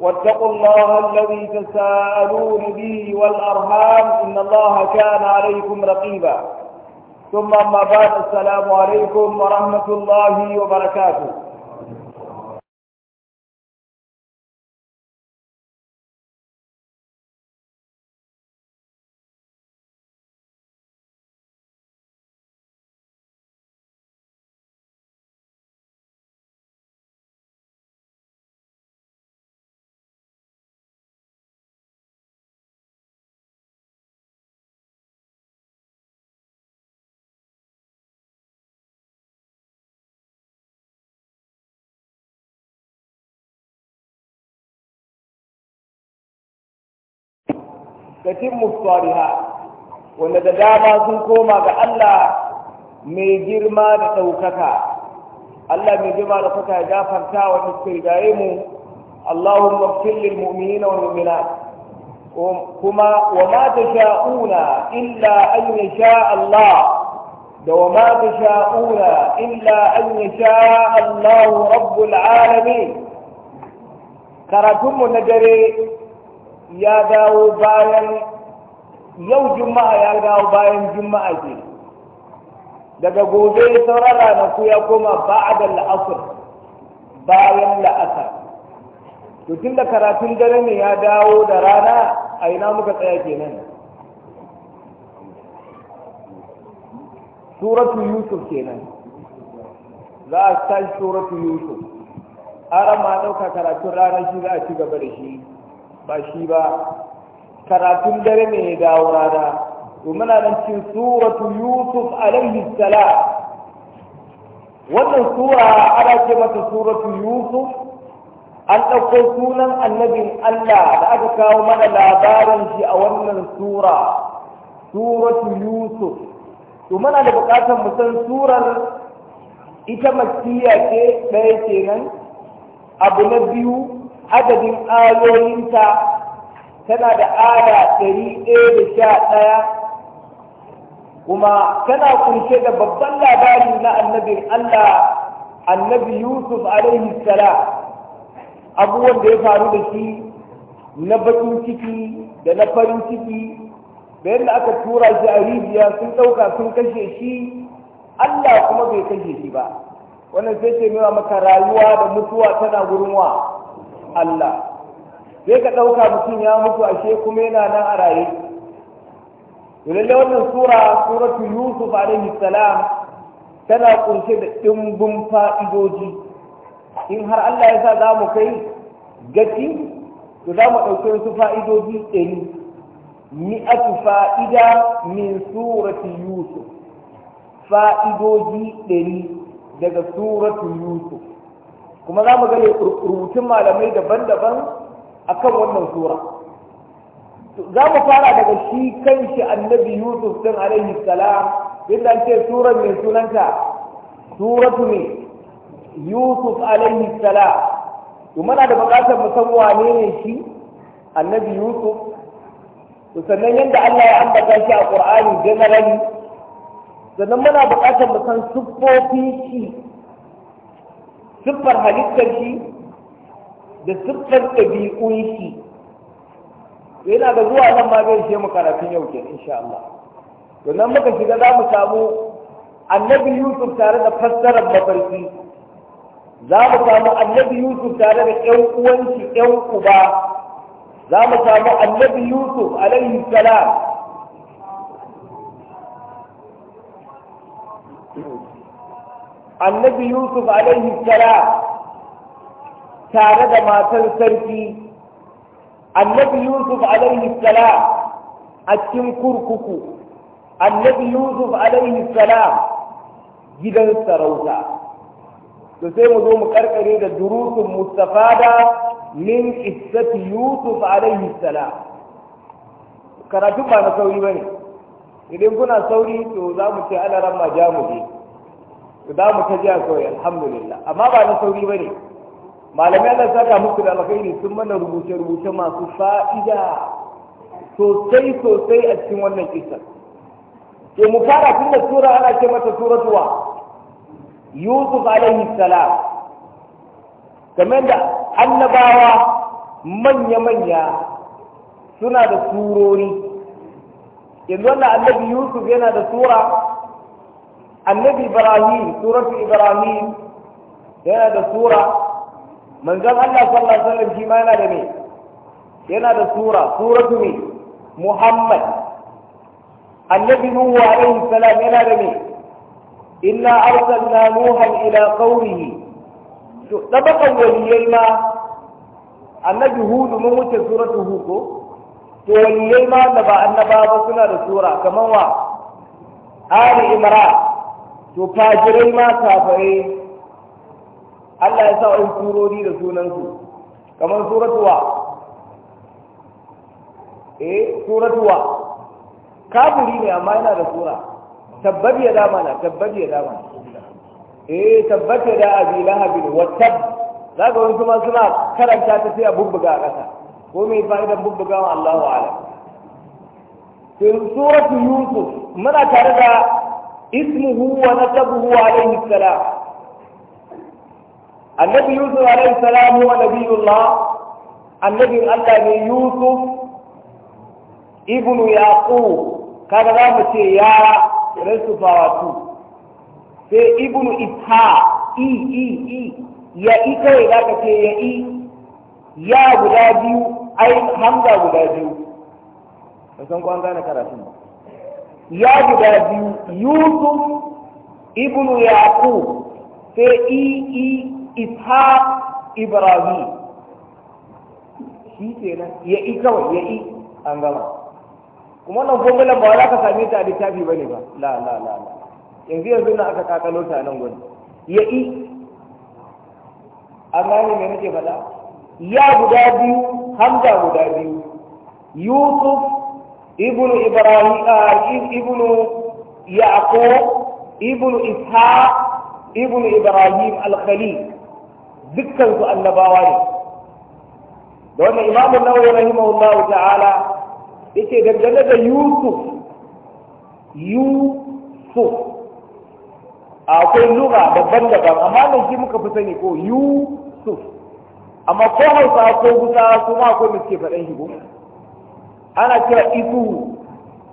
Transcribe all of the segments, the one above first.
واتقوا الله الذي تساءلون به والأرهام إن الله كان عليكم رقيبا ثم أما بعد السلام عليكم ورحمة الله وبركاته tatimmu salihat wanda da dama sun koma ga Allah mai girma da ɗaukaka Allah mai girma da ɗaukaka ya gafarta wa iskir gare mu Allahumma fil lil mu'minina wal mu'minat kuma wa ma tasha'una illa an yasha Allah da wa ma tasha'una illa an yasha Allah rabbul alamin karatunmu na dare ya dawo bayan yau juma'a ya dawo bayan juma'a ke daga gobe sauran ranaku ya koma ba'adar la'asar bayan la'asar to tun da karatun dare ne ya dawo da rana a ina muka tsaya kenan suratu yusuf kenan za a sai suratu yusuf ara ma ɗauka karatun ranar shi za a ci gaba da shi ba shi ba karatun dare ne ya dawo rana to muna nan cikin suratu yusuf alaihi salam wannan sura ana ce mata suratu yusuf an ɗauko sunan annabin Allah da aka kawo mana labarin shi a wannan sura suratu yusuf to muna da buƙatar mu san surar ita makkiya ce ɗaya kenan abu na biyu adadin ayoyinta tana da aya ɗari ɗaya da sha ɗaya kuma tana kunshe da babban labari na annabin Allah annabi Yusuf alaihi salam abubuwan da ya faru da shi na bakin ciki da na farin ciki da yadda aka tura shi a rijiya sun ɗauka sun kashe shi Allah kuma bai kashe shi ba wannan sai ce nuna maka rayuwa da mutuwa tana gurin wa Allah sai ka ɗauka mutum ya mutu ashe kuma yana nan a raye lalle wannan sura suratu yusuf alaihi salam tana kunshe da ɗimbin fa'idoji in har Allah ya sa za mu kai gaci to za mu ɗauki wasu fa'idoji ɗari mi'atu fa'ida min suratu yusuf fa'idoji ɗari daga suratu yusuf kuma za mu gane rubutun malamai daban-daban akan wannan sura za mu fara daga shi kanshi annabi yusuf din alaihi salam yadda an ce surar mai sunanta suratu ne yusuf alaihi salam to muna da buƙatar mu san wane ne shi annabi yusuf to sannan yadda Allah ya ambata shi a Qur'ani generally sannan muna buƙatar mu san siffofin shi siffar halittar shi da siffar ɗabi'un shi yana da zuwa nan ma zai shi mu yau ke insha Allah to nan muka shiga za mu samu annabi Yusuf tare da fassarar mafarki za mu samu annabi Yusuf tare da ƴan uwanci ƴan uba za mu samu annabi Yusuf alaihi salam annabi yusuf alaihi salam tare da matar sarki annabi yusuf alaihi salam a cikin kurkuku annabi yusuf alaihi salam gidan sarauta to sai mu zo mu karkare da durusun da min qissati yusuf alaihi salam karatu ba na sauri ne. idan kuna sauri to za mu ce ana ramma jamu ne za mu ta jiya kawai alhamdulillah amma ba na sauri ba ne malamai Allah saka muku da alkhairi sun mana rubuce-rubuce masu fa'ida sosai sosai a cikin wannan kisan To mu fara tun da tura ana ce mata suratuwa yusuf alaihi salam kamar da annabawa manya-manya suna da surori yanzu wannan annabi yusuf yana da sura annabi ibrahim suratu ibrahim yana da sura manzon Allah sallallahu alaihi wasallam shi ma yana da me yana da sura suratu ne muhammad annabi nuhu alaihi salam yana da me inna arsalna nuhan ila qaumihi to bakan waliyai ma annabi hudu mun wuce suratu hudu to waliyai ma da ba annaba ba suna da sura kamar wa ali imran to fajirai ma kafirai Allah ya sa wani surori da sunansu kamar suratuwa eh suratuwa kafiri ne amma yana da sura Tabbabi ya dama na tabbabi ya dama eh tabbata da abi lahabin wa tab zaka wani kuma suna karanta ta sai a bubbuga a ƙasa ko mai fa'idan bubbugawa Allahu a'ala Sun suratu yusuf muna tare da ismuhu wa nasabuhu alaihi salam annabi yusuf alaihi salam huwa nabiyullah annabin allah ne yusuf ibnu yaqub kaga za mu ce ya rasu fawatu sai ibnu isha i i i ya i kai za ka ya i ya guda biyu ai hamza guda biyu ba san ko an gane karatun ba ya guda biyu yusuf ibnu yaqub sai i e e isha ibrahim shi nan ya i e kawai ya i an gama kuma wannan formulan ba za ka same ta a littafi ba ne ba la la la la yanzu yanzu na aka kakalo ta nan gudu ya i an gane me nake faɗa ya guda biyu hamza guda biyu yusuf ibnu ibrahim uh, ibnu yaqub ibnu ishaq ibnu ibrahim al-khalil dukkan su annabawa ne da wannan imam an-nawawi rahimahullahu ta'ala yace dangane da yusuf yusuf akwai lura daban-daban amma nan shi muka fi sani ko yusuf amma ko hausa ko gusa kuma akwai mace suke faɗan shi انا كائفو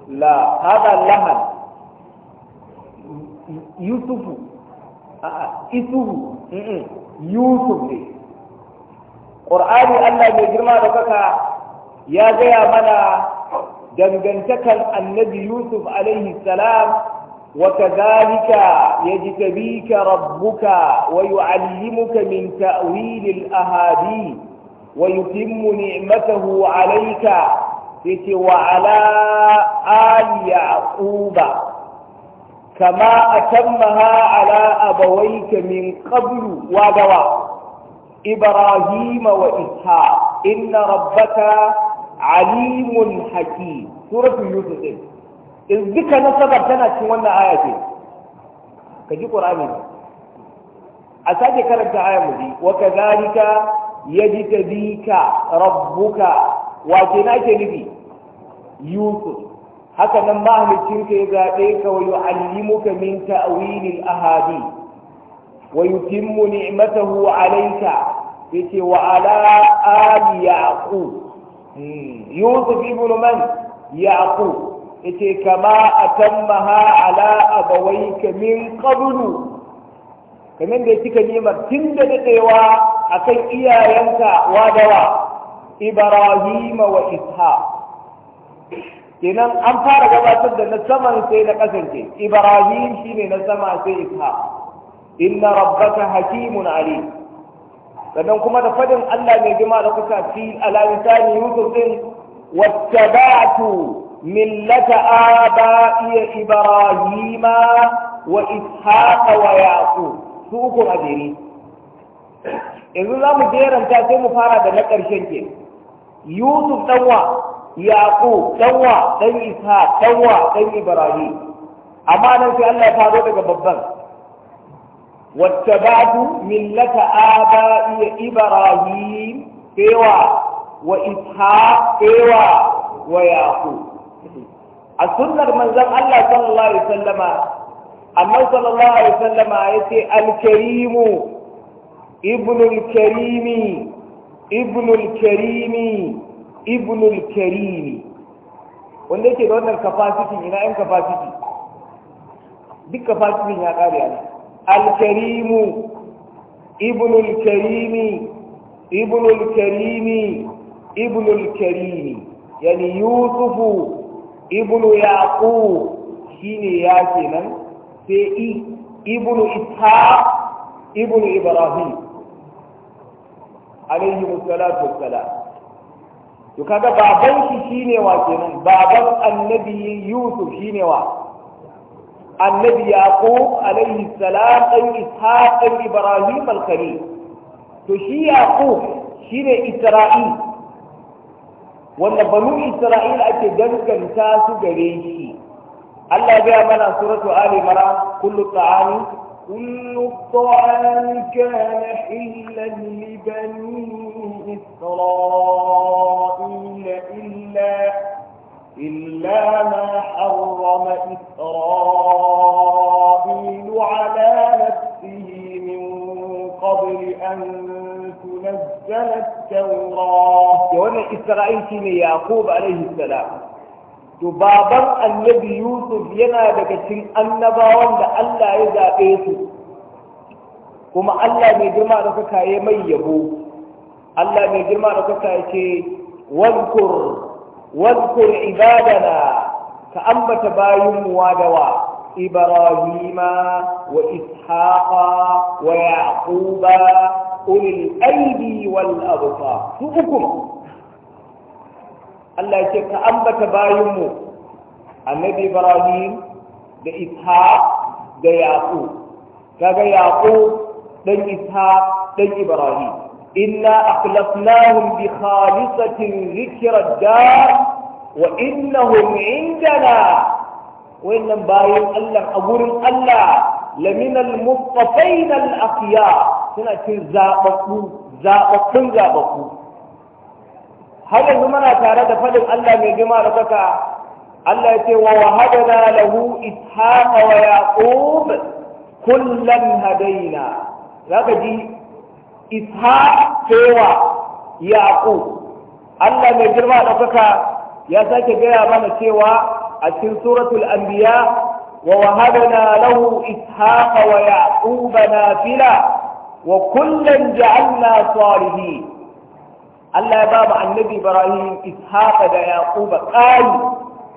لا هذا لمن يوسف آه، آه، ايتو يوسف قران الله يا لك يا جاي منا دنجنتك النبي يوسف عليه السلام وكذلك يجتبيك ربك ويعلمك من تاويل الاهاديث ويتم نعمته عليك sai ce wa ala ali yaquba kama a atammaha ala ka min qablu wa dawa ibrahima wa ishaq inna rabbaka alimun hakim suratul yusuf din in duka nasabar tana cin wannan aya ce ka ji qur'ani a sake karanta aya mu ji wa kadhalika yajtabika rabbuka wace na ke nufi yusuf haka nan mahalicin ka ya zaɓe ka wa muka min ta'wilil ahadi wa yutimmu ni'matahu alayka yace wa ala ali yaqub hmm. yusuf ibn man yaqub yace kama atammaha ala abawayka min qablu kamar da kika nema tun da daɗewa akan iyayenka wa? ibrahim wa ishaq kenan an fara gabatar da na saman sai na kasance ibrahim shine na sama sai isha. inna rabbaka hakimun alim sannan kuma da fadin Allah mai girma da kuka fi alalisani yusuf din wattaba'tu ملة آبائي إبراهيم وإسحاق uku a أدري yanzu za mu jeranta sai mu fara da na ƙarshen ke yusuf ɗanwa yaƙo ɗanwa ɗan isa ɗanwa ɗan ibrahim amma nan sai allah ya faro daga babban Wacce ba wattabatu millata aba'iya ibrahim kewa wa isha kewa wa yaƙo a sunnar manzon allah sallallahu alaihi wasallama annabi sallallahu alaihi wasallama yace alkarimu ابن الكريم ابن الكريم ابن الكريم wanda yake da wannan capacity ina yan capacity duk capacity ya kare al-karim ibnu al ibnu ibn ibnu karim yani yusufu ibnu yaqub shine ya kenan sai ibnu ishaq ibnu ibrahim alaihi musallatu wassalam to kaga baban shi shine wa kenan baban annabi yusuf shine wa annabi yaqub alaihi salam dan ishaq dan ibrahim al-khalil to shi yaqub shine isra'il wanda banu isra'il ake danganta su gare shi Allah ya mana suratu ali imran kullu ta'ami كل الطعام كان حلا لبني إسرائيل إلا إلا ما حرم إسرائيل على نفسه من قبل أن تنزل التوراة. يقول إسرائيل يعقوب عليه السلام to baban annabi yusuf yana daga cikin annabawan da allah ya zaɓe su kuma allah mai girma da kuka ya mai yabo allah mai girma da kuka ya ce wadkur wadkur ibadana ka ambata bayin mu wadawa إبراهيم وإسحاق ويعقوب أولي الأيدي والأبصار سوءكم Allah ya ce ka ambata bayinmu annabi Ibrahim da Ishaq da Yaqub kaga Yaqub dan Ishaq dan Ibrahim inna akhlafnahum bi khalisatin dhikra dar wa innahum indana Wannan bayin Allah a gurin Allah laminal mustafaina al suna cin zababbu zababbun zababbu har yanzu muna tare da fadin Allah mai girma da kaka Allah ya ce wa wahadana lahu ishaqa wa yaqub kullan hadaina zaka ji ishaq cewa yaqub Allah mai girma da kaka ya sake gaya mana cewa a cikin suratul anbiya wa wahadana lahu ishaqa wa yaquba nafila wa kullan ja'alna salihin Allah ya ba annabi Ibrahim Ishaqa da Yaquba ƙari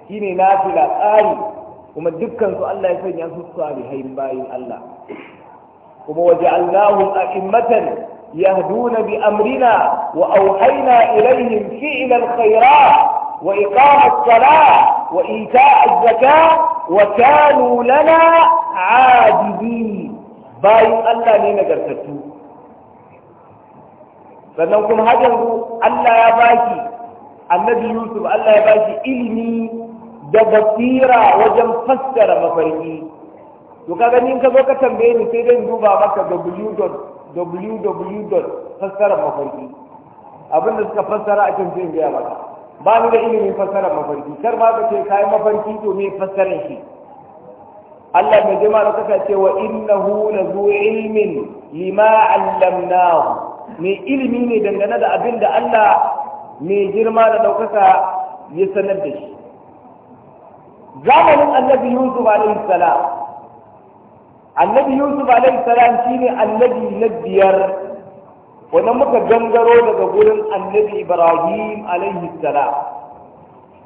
shine nafila ƙari kuma dukkan su Allah ya sanya su salihain bayin Allah kuma waja'alnahum a'immatan yahduna bi amrina wa awhayna ilayhim fi'lal khairat wa iqamat salah wa ita'a zakah wa kanu lana 'abidin bayin Allah ne nagartattu sannan kuma har yanzu Allah ya baki annabi Yusuf Allah ya baki ilimi da basira wajen fassara mafarki to kaga ni ka zo ka tambaye ni sai dai duba maka www fassara mafarki abinda suka fassara a kan jin gaya maka ba ni da ilimin fassara mafarki kar ma ka ce kai mafarki to me fassarar shi Allah mai jama'a ka ce wa innahu la zu ilmin lima allamnahu mai ilimi ne dangane da abin da Allah mai girma da ɗaukaka ya sanar da shi zamanin annabi yusuf alaihi salam annabi yusuf alaihi salam shine annabi na biyar wanda muka gangaro daga gurin annabi ibrahim alaihi salam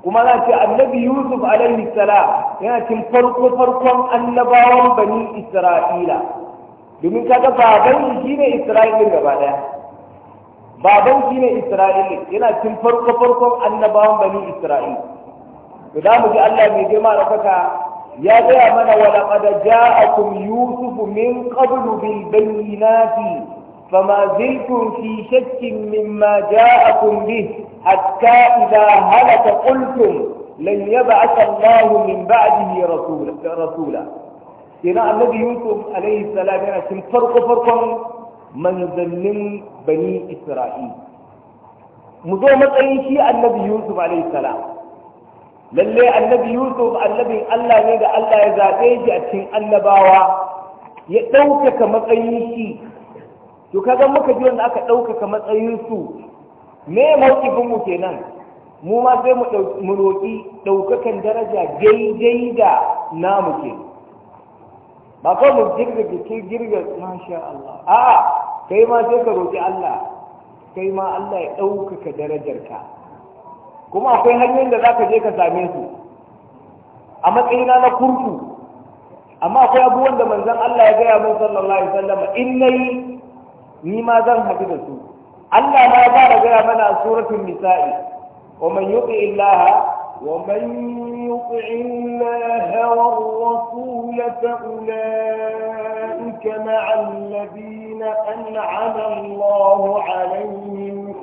kuma na ce annabi yusuf alaihi salam yana cin farko farkon annabawan bani isra'ila domin kaga baban shi shine isra'ilin gaba ɗaya baban shi ne isra'il yana cin farko farkon annabawan bani isra'il to da mu ji Allah mai girma da kaka ya gaya mana wa laqad ja'akum yusuf min qablu bil bayyinati fama ziltum fi shakkin mimma ja'akum bih hatta idha halaka qultum lan yab'atha Allah min ba'dihi rasula rasula kina annabi yusuf alaihi salam yana cin farko farkon manzannin bani isra'il mu zo matsayin shi annabi yusuf alaihi lalle annabi yusuf annabin allah ne da allah ya zaɓe shi a cikin annabawa ya ɗaukaka matsayin shi to kaga muka ji wanda aka ɗaukaka matsayin su me mawkifin mu kenan mu ma sai mu roƙi ɗaukakan daraja daidai da namu kenan ba kawai mu girga jiki girga masha Allah a'a kai ma sai ka roƙi Allah kai ma Allah ya ɗaukaka darajarka kuma akwai hanyoyin da za ka je ka same su a matsayina na kurku amma akwai abubuwan da manzon Allah ya gaya mun sallallahu alaihi wasallam in nayi ni ma zan haɗu da su Allah ma ya fara gaya mana a suratul nisa'i wa man yuti illaha wa man يطع الله والرسول فأولئك مع الذين أنعم الله عليهم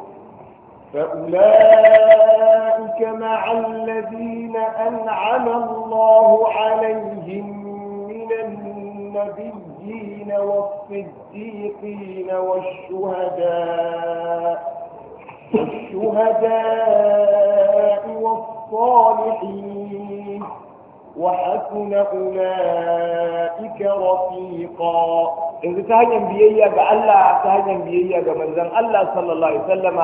فأولئك مع الذين أنعم الله عليهم من النبيين والصديقين والشهداء والشهداء والصديقين الصالحين وحسن أولئك رفيقا إذا تهجم بيئة الله تهجم بيئة من ذن الله صلى الله عليه وسلم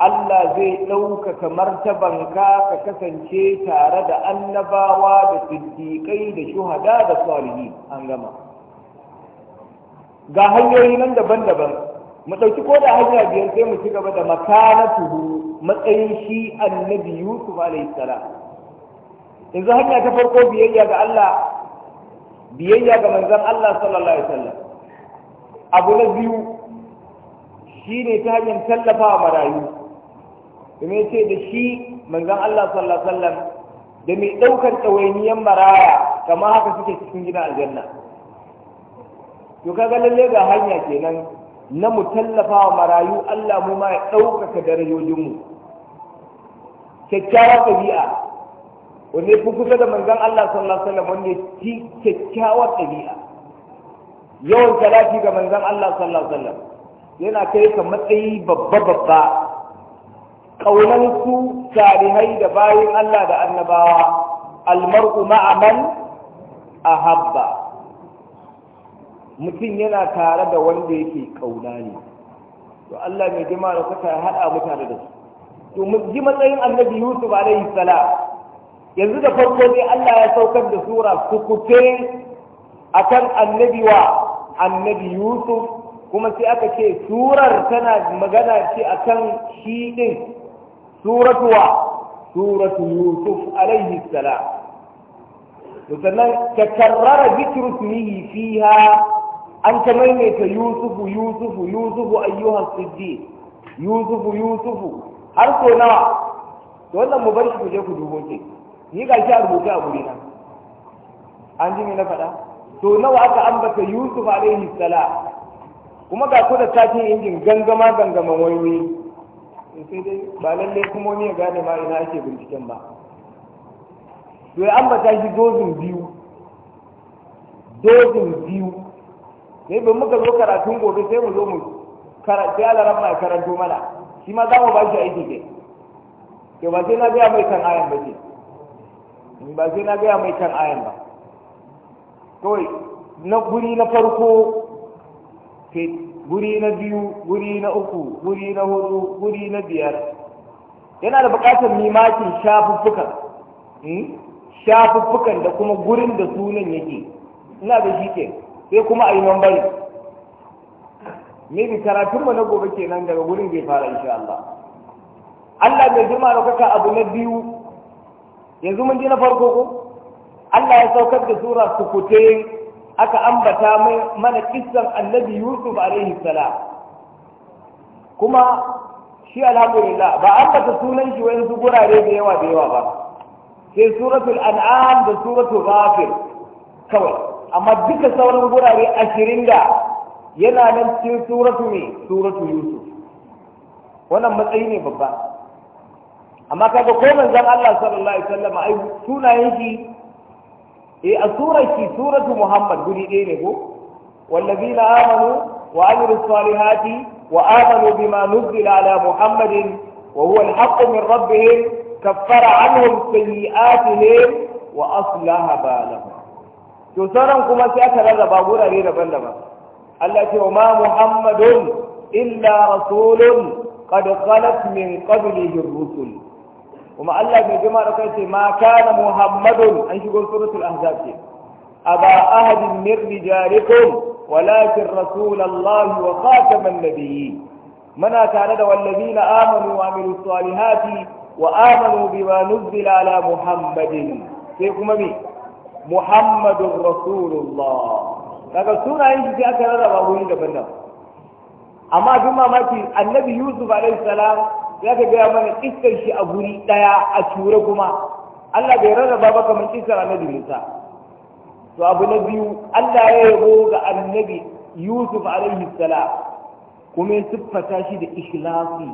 Allah zai ɗaukaka martabanka ka kasance tare da annabawa da siddiƙai da shuhada da salihi an gama ga hanyoyi nan daban-daban mu ɗauki ko da hajjira biyar sai mu ci gaba da makanatuhu matsayin shi annabi yusuf alaihi salam yanzu hanya ta farko biyayya ga Allah biyayya ga manzon Allah sallallahu alaihi wasallam abu na biyu shine ta hanyar tallafa wa marayu kuma yace da shi manzon Allah sallallahu alaihi wasallam da mai ɗaukar ɗawainiyar maraya kama haka suke cikin gidan aljanna to kaga lalle ga hanya kenan na mu tallafa wa marayu Allah mu ma ya ɗaukaka darajojinmu Kyakkyawar ɗabi'a wanda fi kusa da manzon Allah sallallahu alaihi wasallam wanda ci kyakkyawar ɗabi'a yawan salati ga manzon Allah sallallahu alaihi wasallam yana kai ka matsayi babba babba kaunan su salihai da bayin Allah da annabawa almar'u ma'a man ahabba mutum yana tare da wanda yake kauna ne to Allah mai jima da kuka haɗa mutane da su to mu ji matsayin annabi Yusuf alaihi salam yanzu da farko dai Allah ya saukar da sura sukute akan annabi wa annabi Yusuf kuma sai aka ce surar tana magana ce akan shi din suratu wa suratu Yusuf alaihi salam to sannan takarrara zikru fiha an ta maimaita yusufu yusufu yusufu ayyuhan siddi yusufu yusufu har so nawa to wannan mu bar shi ku je ku dubo ce ni ga shi a rubuta a na an ji me na faɗa to nawa aka ambata yusuf alaihi salam kuma ga ku da tashin injin gangama gangaman wayoyi sai dai ba lalle kuma wani ya gane ma ina ake binciken ba to ya ambata shi dozin biyu dozin biyu sai ba muka zo karatun gobe sai mu zo mu karatu ya larabba mai karanto mana shi ma za mu ba shi aiki ke ke ba sai na gaya mai kan ayan ba ke ba sai na gaya mai kan ayan ba kawai na guri na farko guri na biyu guri na uku guri na hudu guri na biyar yana da bukatar mimakin shafuffukan hmm? shafuffukan da kuma gurin da sunan yake ina da shi ke sai kuma a yi mambari maybe karatun mu na gobe kenan daga gurin zai fara insha Allah Allah bai jima da kaka abu na biyu yanzu mun ji na farko ko Allah ya saukar da sura sukute aka ambata mana kissan annabi Yusuf alaihi salam kuma shi alhamdulillah ba ambata sunan shi wa 'yanzu gurare da yawa da yawa ba sai suratul an'am da suratul ghafir kawai amma duka sauran gurare ashirin da yana nan cikin suratu ne suratu yusuf wannan matsayi ne babba amma kaga ko manzon Allah sallallahu alaihi wasallam ai sunayen shi eh a surar shi suratu muhammad guri ɗaya ne ko wallazina amanu wa amilu salihati wa amanu bima nuzila ala muhammadin wa huwa alhaqqu min rabbihim kaffara anhum sayyi'atihim wa aslaha balahum to sauran kuma sai aka rarraba wurare daban-daban Allah ce wa ma muhammadun illa rasulun qad khalat min qablihi ar-rusul kuma Allah bai jima da kai ma kana muhammadun an shigo suratul ahzab ce aba ahadin min rijalikum walakin rasulullahi wa khataman nabiyyi muna tare da wallazina amanu wa amilus salihati wa amanu bima nuzila ala muhammadin sai kuma me Muhammadu rasulullah daga sunayen shi sai aka rarraba wurin daban-daban amma abin mamaki annabi yusuf alaihi salam ya ka gaya mana iskar shi a guri daya a cure kuma allah bai rarraba ba kamar iskar annabi musa to abu na biyu allah ya yabo ga annabi yusuf alaihi salam kuma ya siffata shi da ikhlasi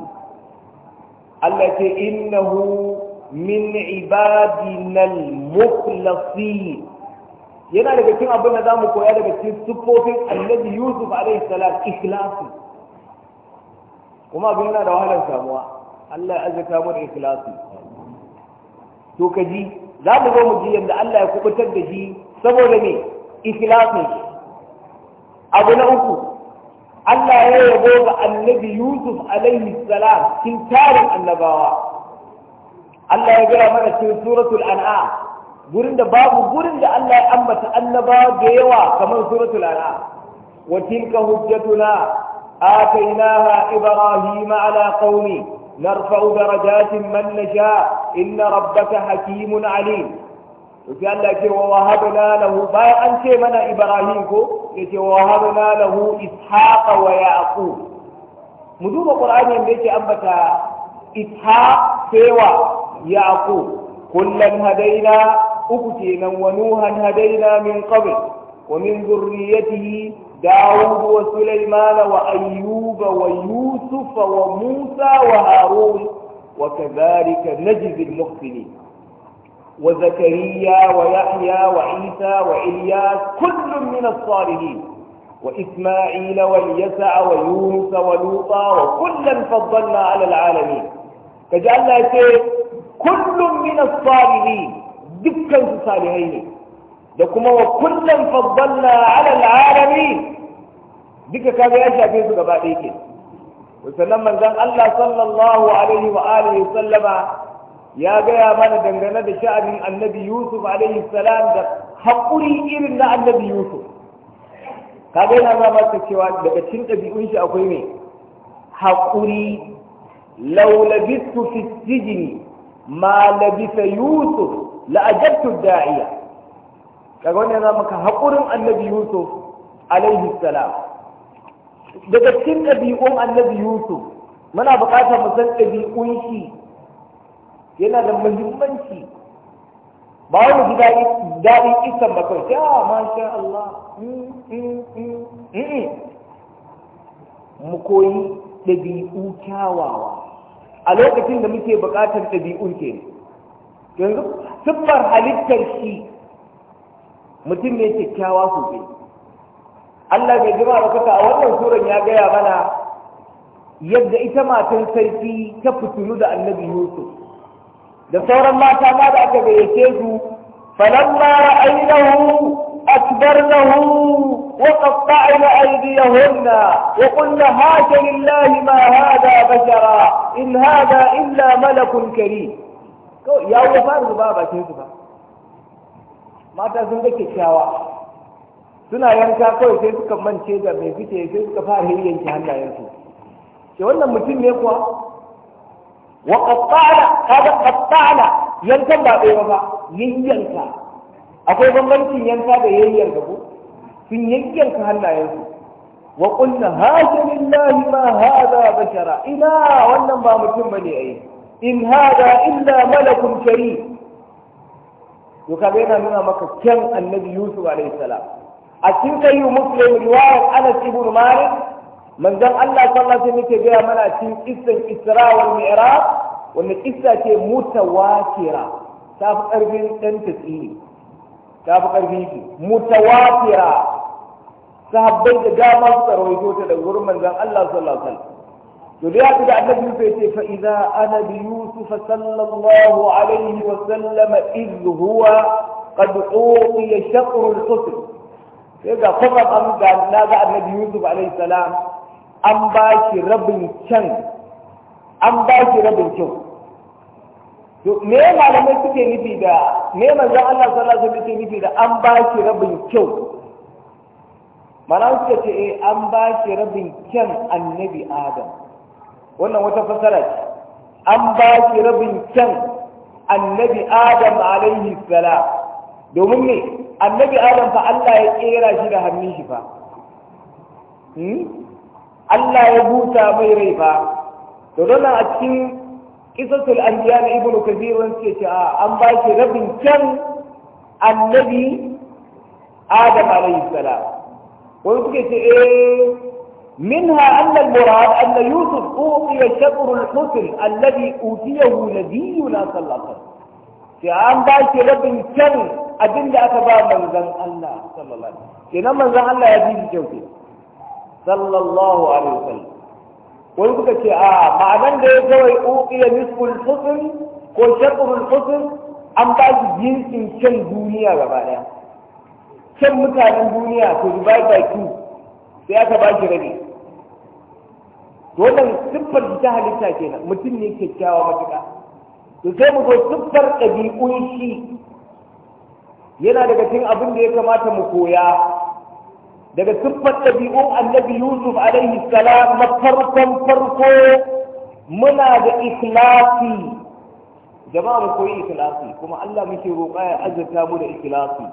allah ce innahu min ibadinal al-mukhlasin yana daga cikin abin da za mu koya daga cikin sufofin annabi yusuf alaihi salam ikhlasi kuma abin yana da wahalar samuwa Allah ya azurta mu da ikhlasi to kaji za mu zo mu ji yadda Allah ya kubutar da shi saboda me ikhlasin abu na uku Allah ya yabo ga annabi Yusuf alaihi salam kin tarin annabawa Allah ya gaya mana cikin suratul an'am gurin da babu gurin da Allah ya ambata annaba da yawa kamar suratul an'am wa tilka hujjatuna atainaha ibrahima ala qaumi narfa'u darajatin man nasha inna rabbaka hakimun alim to sai Allah ya ce wa wahabna lahu bayan an ce mana ibrahim ko yace wa wahabna lahu ishaqa wa duba qur'ani da yake ambata ishaq sewa يعقوب كلا هدينا أكتينا ونوها هدينا من قبل ومن ذريته داود وسليمان وأيوب ويوسف وموسى وهارون وكذلك نجد المحسنين وزكريا ويحيى وعيسى وإلياس كل من الصالحين وإسماعيل واليسع ويونس ولوطا وكلا فضلنا على العالمين فجعلنا شيء kullum min as dukkan su salihai ne da kuma wa kullum faddalna ala al duka kaga ya shafe su gaba ɗaya ke sannan manzon Allah sallallahu alaihi wa alihi sallama ya gaya mana dangane da sha'anin annabi Yusuf alaihi salam da haƙuri irin na annabi Yusuf kaga yana ma maka cewa daga cikin ɗabi'un shi akwai ne haƙuri law labistu fi sijni ma labisa yusuf la'ajabtu da'iya kaga wannan yana maka haƙurin annabi yusuf alaihi daga cikin ɗabi'un annabi yusuf muna buƙatar mu san ɗabi'un yana da muhimmanci ba wani ji daɗin isan ba kai ya masha Allah mu koyi ɗabi'u kyawawa a lokacin da muke buƙatar ɗabi'un ke yanzu siffar halittar shi mutum ne kyakkyawa sosai Allah bai jima ba kuka. a wannan suran ya gaya mana yadda ita matan sarki ta fitinu da annabi Yusuf da sauran mata ma da aka gayyace su falamma ra'aynahu أكبرنه وقطعن أيديهن وقلن هاك لله ما هذا بشرا إن هذا إلا ملك كريم يا وفار بابا كيف mata sun ga kyakkyawa suna yanka kawai sai suka mance da mai fice sai suka fara yanke hannayensu ke wannan mutum ne kuwa wa qatta'na kaga qatta'na yankan ba ɗaya ba yayyanka akwai bambancin yanka da yayyar gabo sun yanyanka hannayensu wa qulna hada lillahi ma hada bashara ina wannan ba mutum bane ai in hada illa malakun kari to kaga yana nuna maka kyan annabi yusuf alayhi salam a cikin kai muslim riwayar anas ibn malik manzon Allah sallallahu alaihi wasallam yake gaya mana cin kissan Isra wal Mi'raj wannan kissa ce mutawatira ta fi karfin dan tasiri ta fi ƙarfi ki mutawatira sahabbai da dama suka rawaito ta daga wurin manzon Allah sallallahu alaihi wasallam to da ya da annabi Yusuf ya ce fa idza ana bi Yusuf sallallahu alaihi wasallam id huwa qad uqiya shatr al-qutb sai ga kuma an ga na ga annabi Yusuf alaihi salam an ba shi rabin can an ba shi rabin kyau to me malamai suke nufi da me manzon Allah sallallahu alaihi wasallam nufi da an ba shi rabin kyau malamai suke ce eh an ba shi rabin kyan annabi Adam wannan wata fasara ce an ba shi rabin kyan annabi Adam alaihi salam domin me annabi Adam fa Allah ya kera shi da hannun shi fa hmm? Allah ya buta mai rai fa to don a cikin qisatul anbiya na ibnu kathir wanda ke cewa an ba shi rabin can annabi adam alayhi salam wani suke ce eh منها أن المراد أن يوسف أعطي شطر الحسن الذي أوتيه نبينا صلى الله عليه وسلم في عام باش رب كان أدل أتباع من ذن الله صلى الله عليه وسلم كنا من ذن الله يزيد جوته صلى الله عليه وسلم wani suka ce a ma'anan da ya kawai uqiya nisful husn ko shatrul husn an ba shi jinsin kyan duniya gaba ɗaya kyan mutanen duniya to divide by two sai aka ba shi rabi wannan siffar da ta halitta kenan mutum ne kyakkyawa matuƙa to sai mu zo siffar ɗabi'un shi yana daga cikin abin da ya kamata mu koya daga siffar ɗabi'un annabi yusuf alaihi salam na farkon farko muna da ikhlasi jama'a mu koyi ikhlasi kuma Allah muke roƙa ya azurta mu da ikhlasi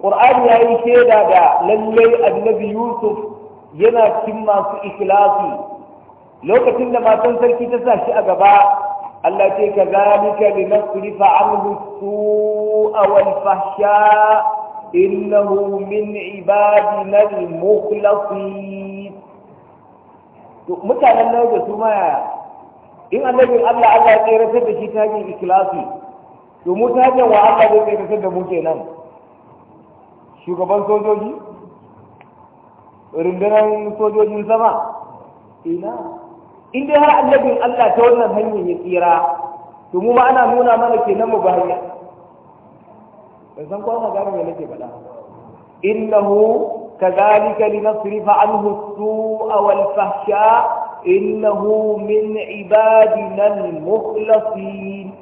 qur'ani yayi shaida da lallai annabi yusuf yana cikin masu ikhlasi lokacin da matan sarki ta sa shi a gaba Allah ce ka zalika linasrifa anhu su'a wal fahsha' إنه من عبادنا المخلصين mutanen nan da su maya in annabin Allah Allah ya tseratar da shi ta hanyar ikilasi to mu wa Allah zai tseratar da muke nan, shugaban sojoji rundunar sojojin sama ina in dai har annabin Allah ta wannan hanyar ya tsira to mu ma ana nuna mana kenan mu ba ban san ko magana me nake faɗa innahu kadhalika linasrifa anhu as-su'a wal fahsha innahu min ibadina al-mukhlasin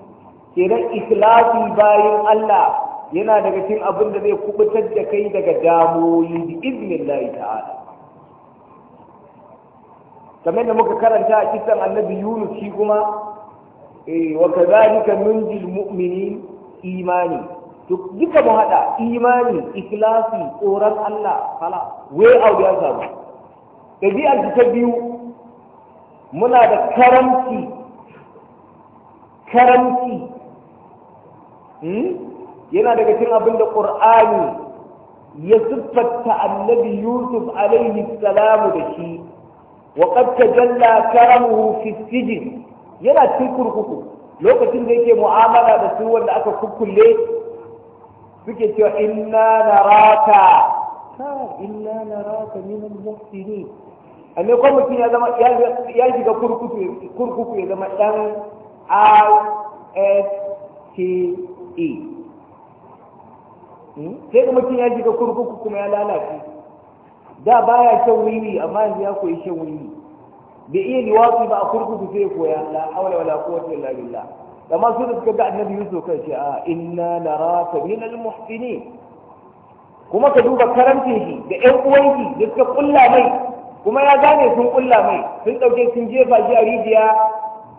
kenan ikhlasi bayin Allah yana daga cikin abin da zai kubutar da kai daga damoyi bi iznillahi ta'ala kamar da muka karanta a kisan annabi Yunus shi kuma eh wa kadhalika nunjil mu'minin imani duk duka mu hada imani ikhlasi tsoron Allah kala way out ya samu ɗabi'ar ta biyu muna da karamci karamci hmm? yana daga cikin abin da ƙur'ani ya siffanta annabi yusuf alaihi salamu da shi wa qad tajalla karamuhu fi sijin yana cikin kurkuku lokacin da yake mu'amala da su wanda aka kukkulle suke cewa inna raka inna naraka min al-muhsinin amma ko mutum ya zama ya shiga kurkuku kurkuku ya zama dan a e. hmm? sai kuma mutum ya shiga kurkuku kuma ya lalace da baya shan wuri amma yanzu ya koyi shan wuri bai iya liwatsi ba a kurkuku sai koya la hawla wala quwwata illa billah amma su da suka ga annabi yusuf kai ce a inna naraka min almuhsinin kuma ka duba karamcin shi da ƴan uwanki da suka kulla mai kuma ya gane sun kulla mai sun ɗauke sun jefa shi a rijiya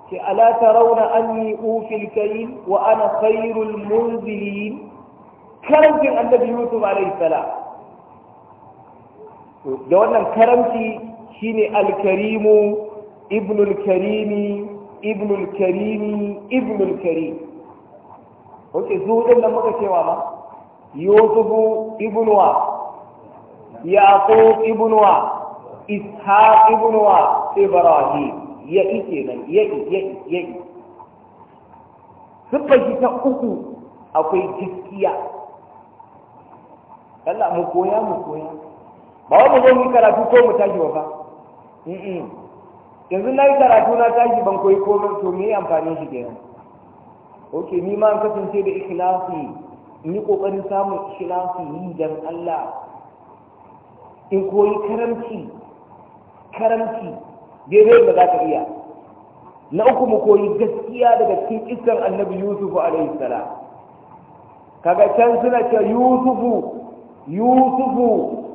ce ala tarawna anni ufil kayl wa ana khairul munzilin karamcin annabi yusuf alaihi salam da wannan karamci shine alkarimu ibnul karimi ibnul karimi ibnul karim ok su din nan muka cewa ma yusufu wa yaqub Isha ishaq wa ibrahim ya ike nan ya ya ya sifar ta uku akwai gaskiya Allah mu koya mu koya ba wani zo mu karatu ko mu tashi wa ba yanzu na yi karatu na tashi ban koyi komai to me amfani shi kenan ok ni ma kasance da ikhlasi in kokarin samun ikhlasi yi dan Allah in koyi karamci karamci daidai ba za ka iya na uku mu koyi gaskiya daga cikin iskan annabi yusufu alaihi salam kaga can suna ce yusufu yusufu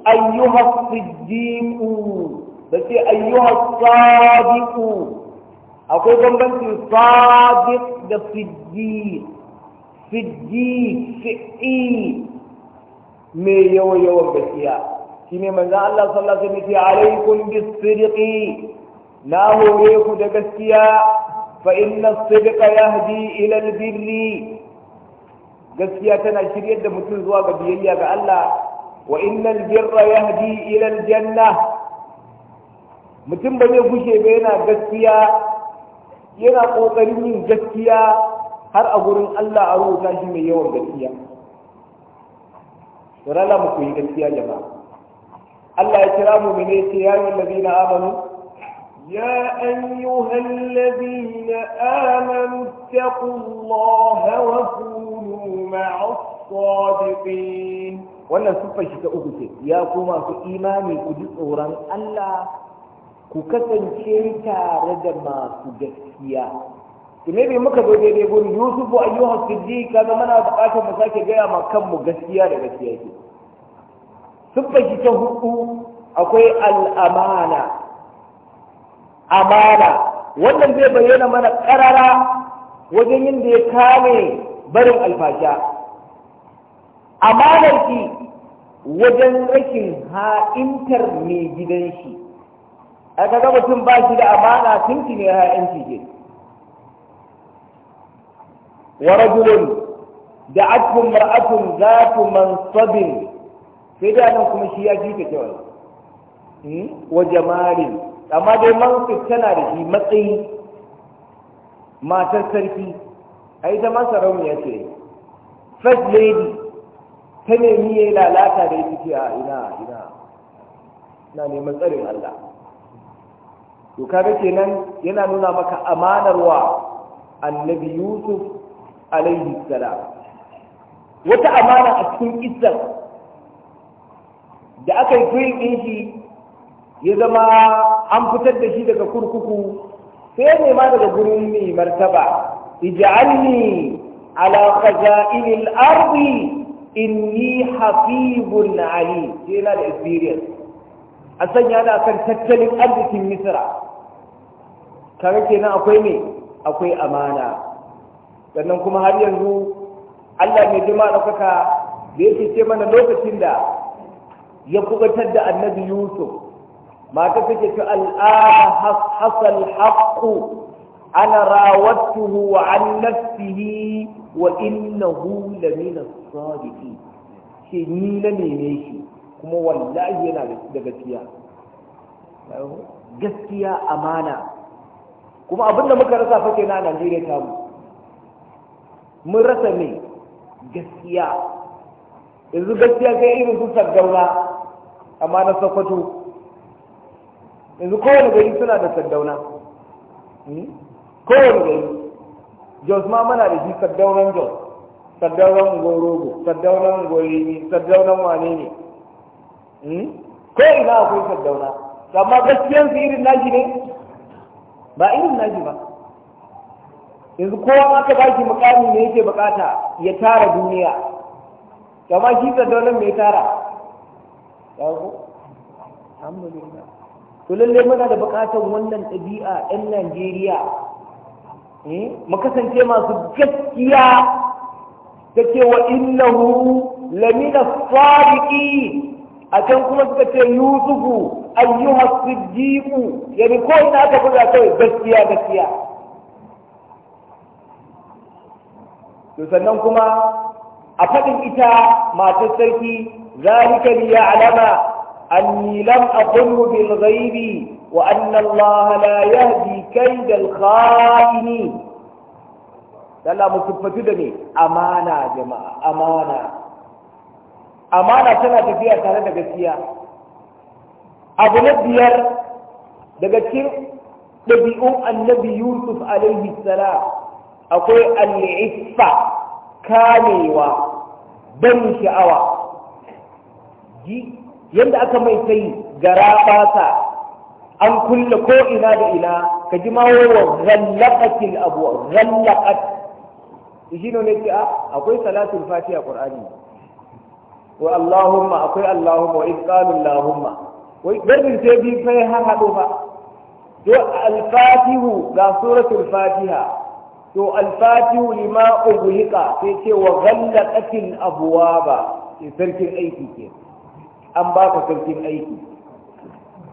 ayyuha siddiqu da ce ayyuha sadiqu akwai bambancin sadiq da siddiq siddiq fi'i mai yawan yawan gaskiya shi ne manzan Allah sallallahu alaihi wasallam ya alaikum bis-sidqi na hore ku da gaskiya fa inna sidqa yahdi ila al-birri gaskiya tana shiryar da mutum zuwa ga biyayya ga Allah wa innal birra yahdi ila al mutum ba zai gushe ba yana gaskiya yana ƙoƙarin yin gaskiya har a gurin Allah a rubuta shi mai yawan gaskiya rala mu koyi gaskiya jama'a Allah ya kira mu ne ce ya yi lazina amanu يا أيها الذين آمنوا اتقوا الله وكونوا مع الصادقين wannan siffar shi ta uku ce ya kuma su imani ku ji tsoron Allah ku kasance tare da masu gaskiya ne bai muka zo daidai gurin yusuf wa ayyuha siddiq kaga muna buƙatar mu sake gaya ma kanmu gaskiya da gaskiya ke sun ta hudu akwai al'amana amana wannan zai bayyana mana karara wajen yin da ya kame barin alfasha amanar ki wajen rashin ha'intar mai gidan shi aka ga mutum ba shi da amana tunki ne ya yanci ke wa rajulun da'atkum mar'atun zatu mansabin sai da nan kuma shi ya ji ta kewa hmm, wa jamalin amma dai mansib tana da shi matsayi matar sarki ai ta ya ce first lady ta nemi ya yi lalata da ita ce a ah, ina ina na neman tsarin Allah to kaga kenan yana nuna maka amanar wa annabi yusuf alaihi salam wata amana a cikin izzar da aka yi tuyin ɗin shi ya zama an fitar da shi daga kurkuku sai ne ma daga gurin mai martaba ij'alni ala khaza'inil ardi inni hafizun ali yana da experience a sanya na kan tattalin arzikin misra kaga kenan akwai ne akwai amana sannan kuma har yanzu Allah mai jima ɗaukaka da yake ce mana lokacin da ya kubatar da annabi Yusuf mata take ta al'ada hasal haqqu ana rawattuhu wa an nafsihi wa innahu lamina sadiqin ke ni na neme shi kuma wallahi yana da gaskiya gaskiya amana kuma abinda muka rasa fa kenan a Najeriya ta mu mun rasa ne gaskiya yanzu gaskiya sai irin su sardauna amma na Sokoto yanzu kowane gari suna da sardauna hmm? kowane gari Jos ma mana da shi sardaunan Jos sardaunan Gorogo sardaunan Gorini sardaunan wane ne hmm? ko ina akwai sardauna amma gaskiyan su irin naji ne ba irin naji ba yanzu kowa aka ba shi mukami ne yake bukata ya tara duniya kama shi daular mai tara ya ko alhamdulillah to lalle muna da bukatar wannan ɗabi'a ɗan Najeriya eh, mu kasance masu gaskiya ta cewa innahu lamina sadiqi a can kuma suka ce yusufu ayyuha siddiqu yani ko ina aka buga kai gaskiya gaskiya to sannan kuma a faɗin ita matar sarki zalika li ya'lama anni lam aqulu bil ghaibi wa anna Allah la yahdi kayd kha'ini Allah mu tuffatu da ne amana jama'a amana amana tana tafiya tare da gaskiya abu na biyar daga cikin ɗabi'un annabi yusuf alaihi salam akwai al'iffa kamewa ban sha'awa yadda aka mai sai gara basa an kulle ko ina da ina ka ji ma wawa ghallaqatil abu ghallaqat shi ne ke ah, akwai salatul fatiha qur'ani wa allahumma akwai allahumma wa izqalu allahumma wai barin sai bi fai har hado fa to alfatihu ga suratul fatiha to alfatihu lima ughliqa sai ce wa ghallaqatil abwaba sai sarkin aiki ke an baka sarkin aiki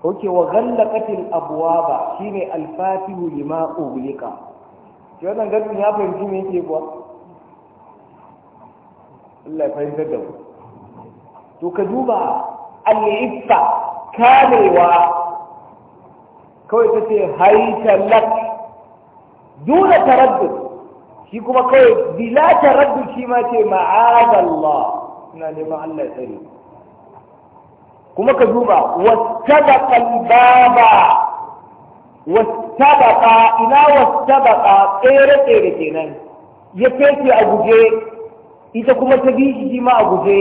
oke wa ghallaqatil abwaba shine alfatihu lima ughliqa shi wannan garin ya fahimci me yake kuwa Allah ya fahimtar da mu to ka duba al-iffa kamewa kawai ta ce haitallak duna taraddud shi kuma kawai bila taraddud shi ma ce ma'azallah suna neman Allah ya tsare kuma ka duba wattabaqa albaba wattabaqa ina wattabaqa tsere tsere kenan ya keke a guje ita kuma ta bi shi ma a guje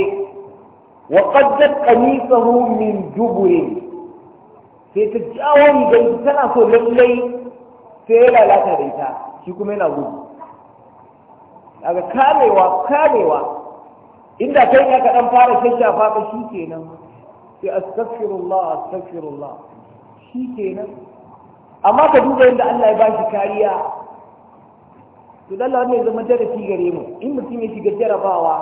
وقدت قميصه من دبر sai ta jawo rigar tana so lallai sai ya lalata da ita shi kuma yana gudu daga kamewa kamewa inda kai ne ka dan fara shashafa ka shi kenan sai astaghfirullah astaghfirullah shi kenan amma ka duba yadda Allah ya bashi kariya to dalla wannan ya zama darasi gare mu in mutum ya shiga jarabawa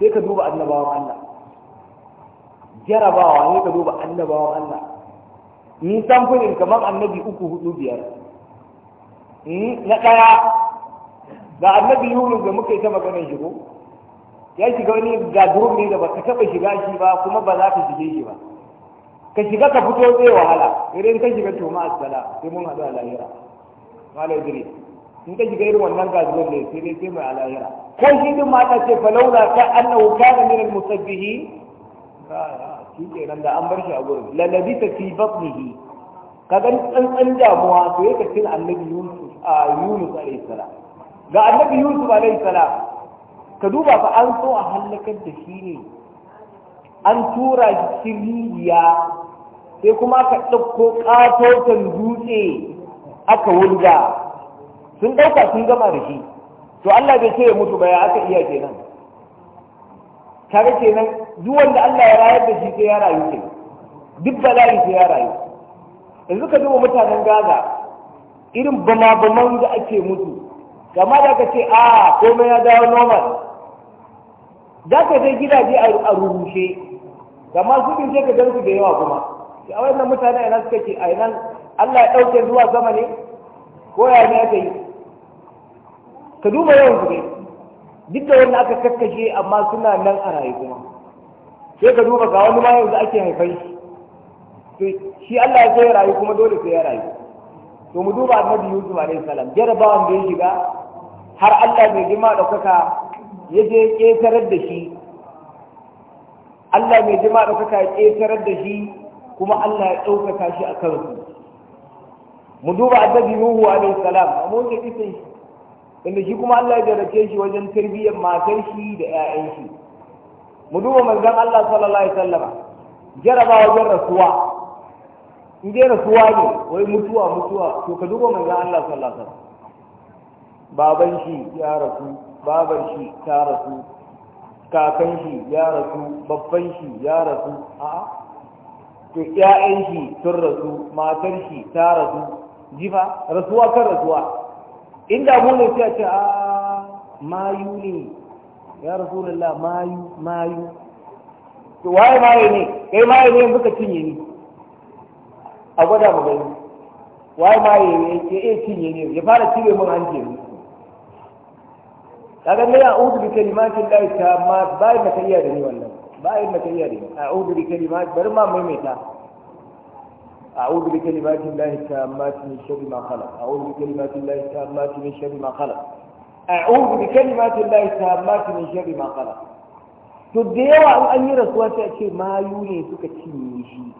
sai ka duba annabawan Allah jarabawa ne ka duba annabawan Allah ni samfurin kamar annabi uku hudu biyar hmm, na ɗaya ga annabi yunus da muka yi ta maganar shigo ya shiga wani gadurum ne da ba ka taɓa shiga shi ba kuma ba za ka shige shi ba ka shiga ka fito zai wahala irin ka shiga toma asala sai mun haɗu a lahira malai dire in ka shiga irin wannan gadurum ne sai dai sai mai a lahira ko shi din ma ta ce falaula ka annahu kana min al-musabbihi ba shi kenan da an bar shi a gurin lalabi ta fi batnihi ka gan tsantsan damuwa to yake cin annabi yusuf a yunus alayhi salam ga annabi yusuf alayhi salam ka duba fa an so a halakar da shi ne an tura shi rijiya sai kuma ka ɗauko ƙatoton dutse aka wulga sun ɗauka sun gama da shi to Allah bai ce ya mutu ba ya aka iya kenan kaga kenan duk wanda Allah ya rayar da shi sai ya rayu ke duk bala'i sai ya rayu yanzu ka duba mutanen Gaza irin bama baman da ake mutu kama da ka ce a komai ya dawo normal za ka je gidaje a rubuce kama su din sai ka gan su da yawa kuma a wannan mutane a nan suka ce a nan Allah ya ɗauke zuwa sama ne ko ya ne aka yi ka duba yawan su dai duk da wanda aka kakkashe amma suna nan a rayu kuma sai ka duba ga wani ma yanzu ake haifai shi shi Allah ya sai rayu kuma dole sai ya rayu to mu duba annabi Yusuf alaihi salam jarabawan da ya shiga har Allah mai da kaka ya je ƙetarar da shi Allah mai jima kaka ya ƙetarar da shi kuma Allah ya ɗaukaka shi a kansu mu duba annabi Nuhu alaihi salam amma wanda kisan shi inda shi kuma Allah ya jarace shi wajen tarbiyyar matar shi da 'ya'yan shi mu duba manzon Allah sallallahu alaihi wasallama jaraba wajen rasuwa in dai rasuwa ne wai mutuwa mutuwa to ka duba manzon Allah sallallahu alaihi wasallam baban shi ya rasu babar shi ta rasu kakan shi ya rasu babban shi ya rasu a to ƴaƴan shi sun rasu matar shi ta rasu jifa rasuwa kan rasuwa inda mu ne a ce a ah, mayu ne ya rasulullah mayu mayu to waye mayu ne kai mayu ne muka cinye ni a gwada mu gani waye mayu ne ke e eh, cinye ni? ya fara cire mun hanci ne kaga ne udu bi kalimatin lahi ma bai mata iya da ni wannan bai mata iya da ni udu bi kalimat bari ma maimaita أعوذ بكلمات الله التامات من شر ما خلق أعوذ بكلمات الله التامات من شر ما خلق أعوذ بكلمات الله التامات من شر ما خلق to da yawa in an yi rasuwa sai ce mayu ne suka cinye shi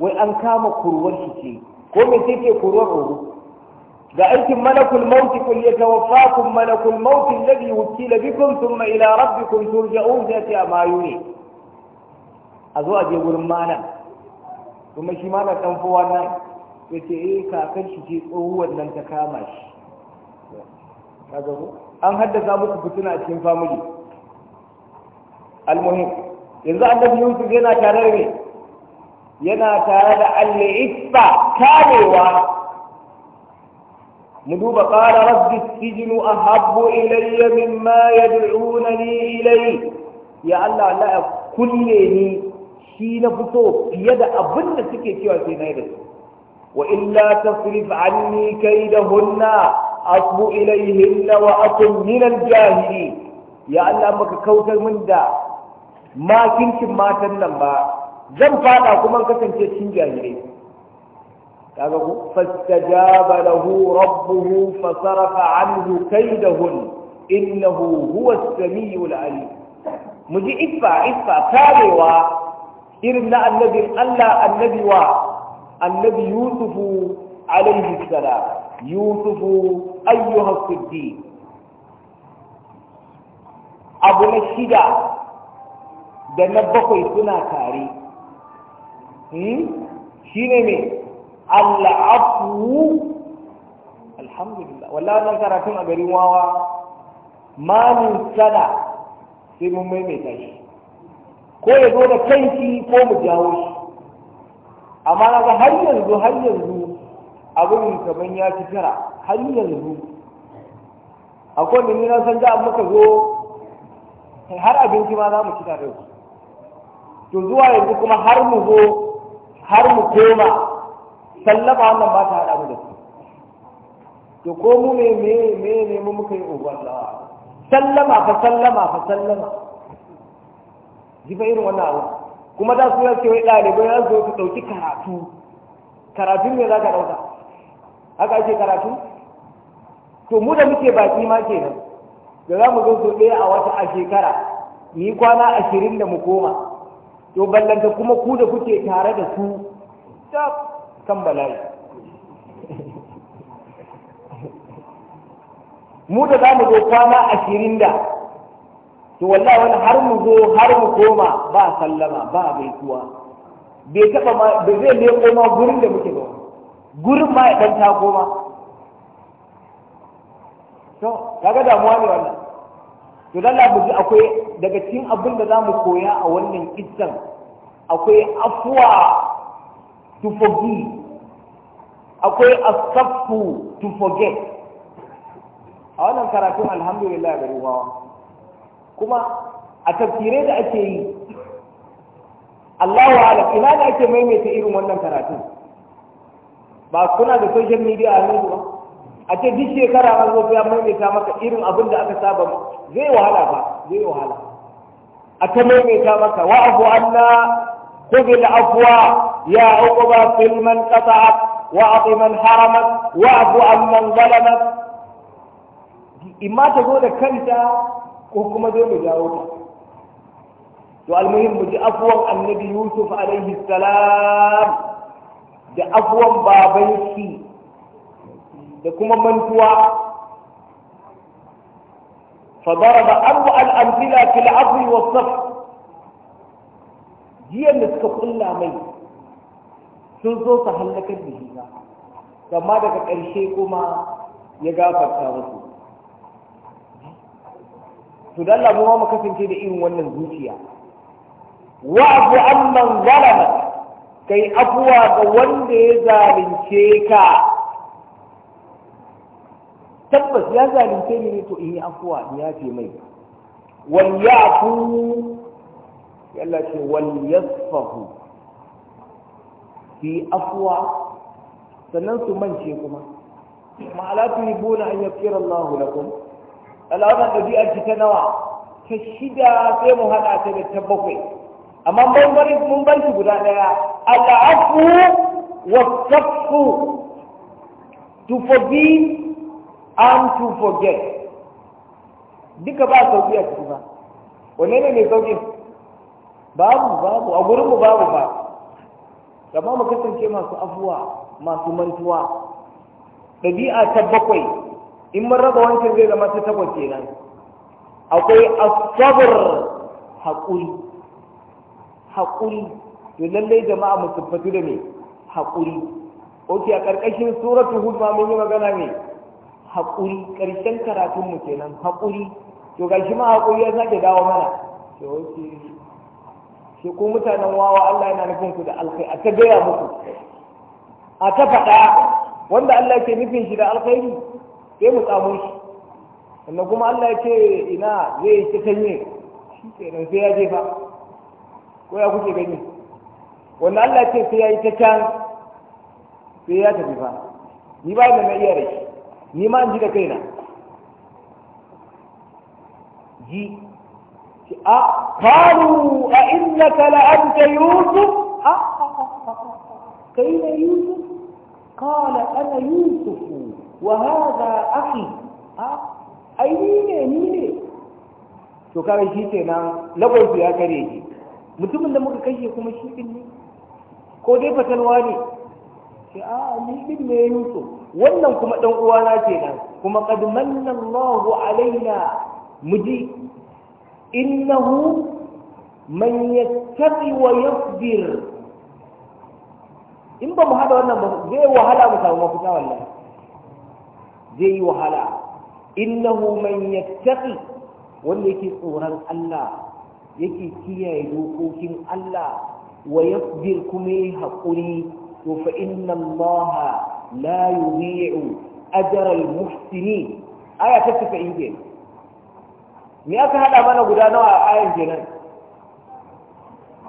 wai an kama kurwar shi ce ko me sai ce kurwar oru Da aikin malakul mauti kul yatawaffakum wakila mauti alladhi wukila bikum ce a mayu ne a zo a je gurin mana. kuma shi malam dan nan ya ce eh kakan shi ce tsohuwar nan ta kama shi kaga ko an haddasa muku fitina a cikin family almuhim yanzu annabi yusuf yana tare da ne yana tare da al-isba kamewa mu duba qala rabbi sijnu ahabbu ilayya mimma yad'unani ilayhi ya Allah la kulle ni shi na fito fiye da abin da suke cewa sai na yi da su wa illa tasrif anni kaidahunna asbu ilayhinna wa akun min jahili ya Allah maka kautar min da makincin matan nan ba zan fada kuma kasance cikin jahilai kaga ku fastajaba lahu rabbuhu fasarafa anhu kaidahun innahu huwa as-sami'ul alim muji ifa ifa karewa irin na Annabi, Allah annabi wa annabi Yusufu alaihi salam Yusufu ayyuha siddiq abu na shida da na bakwai suna tare hmm? Shi ne al'afu alhamdulillah wallahi nan karatun a garin wawa ma min sana sai mun maimaita shi ko ya zo da kanki ko mu jawo shi amma na ga har yanzu har yanzu abin kamar ya ci tara har yanzu akwai da ni na san da muka zo har abinci ma za mu ci tare to zuwa yanzu kuma har mu zo har mu koma sallama wannan ba ta hada mu da su to ko mu me me me ne mu muka yi ubar oh, sallama fa sallama fa sallama ji fa irin wannan abu kuma za su yake wai ɗalibai ya zo su ɗauki karatu karatu ne za ka ɗauka haka ake karatu to mu da muke baki ma ke nan. da za mu zo so ɗaya a wata a shekara ni kwana ashirin da mu koma to ballanta kuma ku da kuke tare da su ta kan bala'i mu da za mu zo kwana ashirin da to wallahi wani har mu zo har mu koma ba sallama ba bai kuwa. bai taba ma bai zai ne koma gurin da muke ba gurin ma ya dan ta koma to kaga damuwa ne wannan to dan mu buji akwai daga cikin abin da zamu koya a wannan kissan akwai afwa to forgive akwai asafu to forget a wannan karatun alhamdulillah ga ruwa kuma a tafsirai da ake yi Allahu ala, ina da ake maimaita irin wannan karatun ba kuna da social media a yanzu ba a ce duk shekara an zo ya maimaita maka irin abin da aka saba zai wahala ba zai wahala a ta maimaita maka wa afu anna khudhil afwa ya uqba fil man qata'at wa ati man haramat wa afu man zalamat imma ta zo da kanta ko kuma dai mu jawo ta to almuhim mu ji afuwan annabi yusuf alaihi salam da afuwan baban shi da kuma mantuwa فضرب أروع الأمثلة في العفو والصف jiyan da suka kulla mai sun zo su hallakar da shi amma daga ƙarshe kuma ya gafarta musu to dan Allah mu kasance da irin wannan zuciya Wa wa'fu amman zalama kai afuwa ga wanda ya zalunce ka tabbas ya zalunce ni to in yi afuwa in yafe mai wal yafu yalla ce wal yasfahu fi afuwa sannan su mance kuma ma'ala tuhibuna an yakfira Allah lakum al'adar ɗabi'ar ki ta nawa ta shida sai mu haɗa ta da ta bakwai amma bari mun bar shi guda ɗaya al'afu wa safu to forgive and to forget duka ba sauƙi a ciki ba wanne ne mai sauƙi babu babu a gurinmu babu ba amma mu kasance masu afuwa masu mantuwa ɗabi'a ta bakwai in mun raba wancan zai zama ta takwas kenan akwai asabar haƙuri haƙuri to lallai jama'a mu tabbatu da me haƙuri oke a ƙarƙashin suratu hud ma mun yi magana ne haƙuri ƙarshen karatun mu kenan haƙuri to shi ma haƙuri ya sake dawo mana to oke shi ko mutanen wawa Allah yana nufin ku da alkai a ta gaya muku a ta faɗa wanda Allah ke nufin shi da alkhairi sai mu tsamo shi sannan kuma Allah ya ce ina zai ta tanye shi ke nan sai ya jefa ko ya kuke gani wanda Allah ya ce sai ya yi ta can sai ya tafi fa ni ba da na iya rai ni ma in ji da kaina ji a faru a an ta yusuf a kai na yusuf قال أنا يوسف wa hadha akhi a ai ni ne ni ne to kare shi kenan lagon ya kare shi mutumin da muka kashe kuma shi din ne ko dai fatalwa ne ce a ni din ne yusuf wannan kuma dan uwana kenan kuma qad manna Allahu alaina muji innahu man yattaqi wa yasbir in ba mu hada wannan ba zai wahala mu samu mafita wallahi zai yi wahala innahu man yattaqi wanda yake tsoron Allah yake kiyaye dokokin Allah wa yasbir kuma yi haƙuri to fa inna Allah la yudhi'u ajra al muhsini aya ta tafi inje me aka hada mana guda nawa a ayan kenan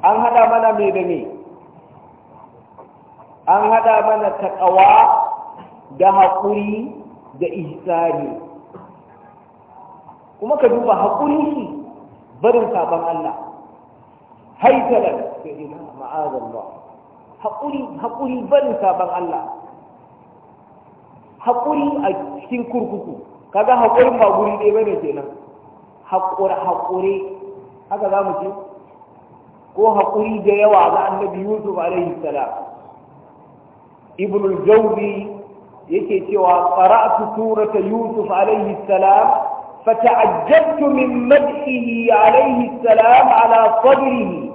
an hada mana me da me an hada mana taqwa da haƙuri da ihsani kuma ka duba haƙuri shi barin sabon Allah haitalar da ina ma'azan ba haƙuri haƙuri barin sabon Allah haƙuri a cikin kurkuku kaga haƙurin ba guri ɗaya bane kenan haƙure haƙure haka za mu ce ko haƙuri da yawa ga annabi yusuf alaihi salam ibnul jawzi yake cewa qara'tu surata yusuf alayhi salam fata'ajjabtu min madhihi alayhi salam ala sadrihi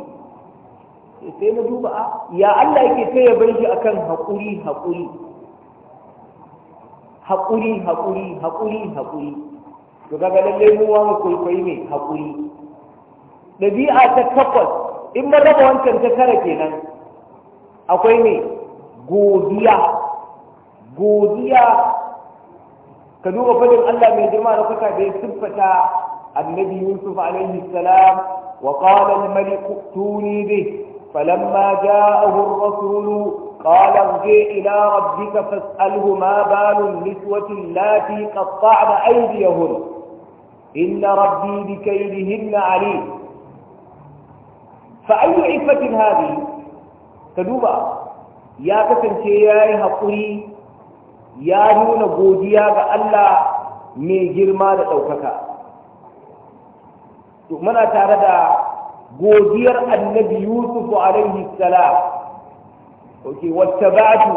sai na duba ah, ya Allah yake sai ya bar shi akan haƙuri haƙuri haƙuri haƙuri haƙuri haƙuri to kaga lalle mu wa mu kwaikwayi mai haƙuri dabi'a ta takwas in ba raba wancan ta tara kenan akwai ne godiya godiya ka duba fadin Allah mai girma da kuka da ya siffata annabi Yusuf alaihi salam wa qala al-malik tuni bih falamma ja'ahu ar-rasul قال ارجع إلى ربك فاسأله ما بال النسوة اللاتي قطعن أيديهن إن ربي بكيدهن عليم فأي عفة هذه كدوبا يا كسن يا هقري ya nuna godiya ga Allah mai girma da ɗaukaka. Muna tare da godiyar annabi Yusuf a rai wacce ba su,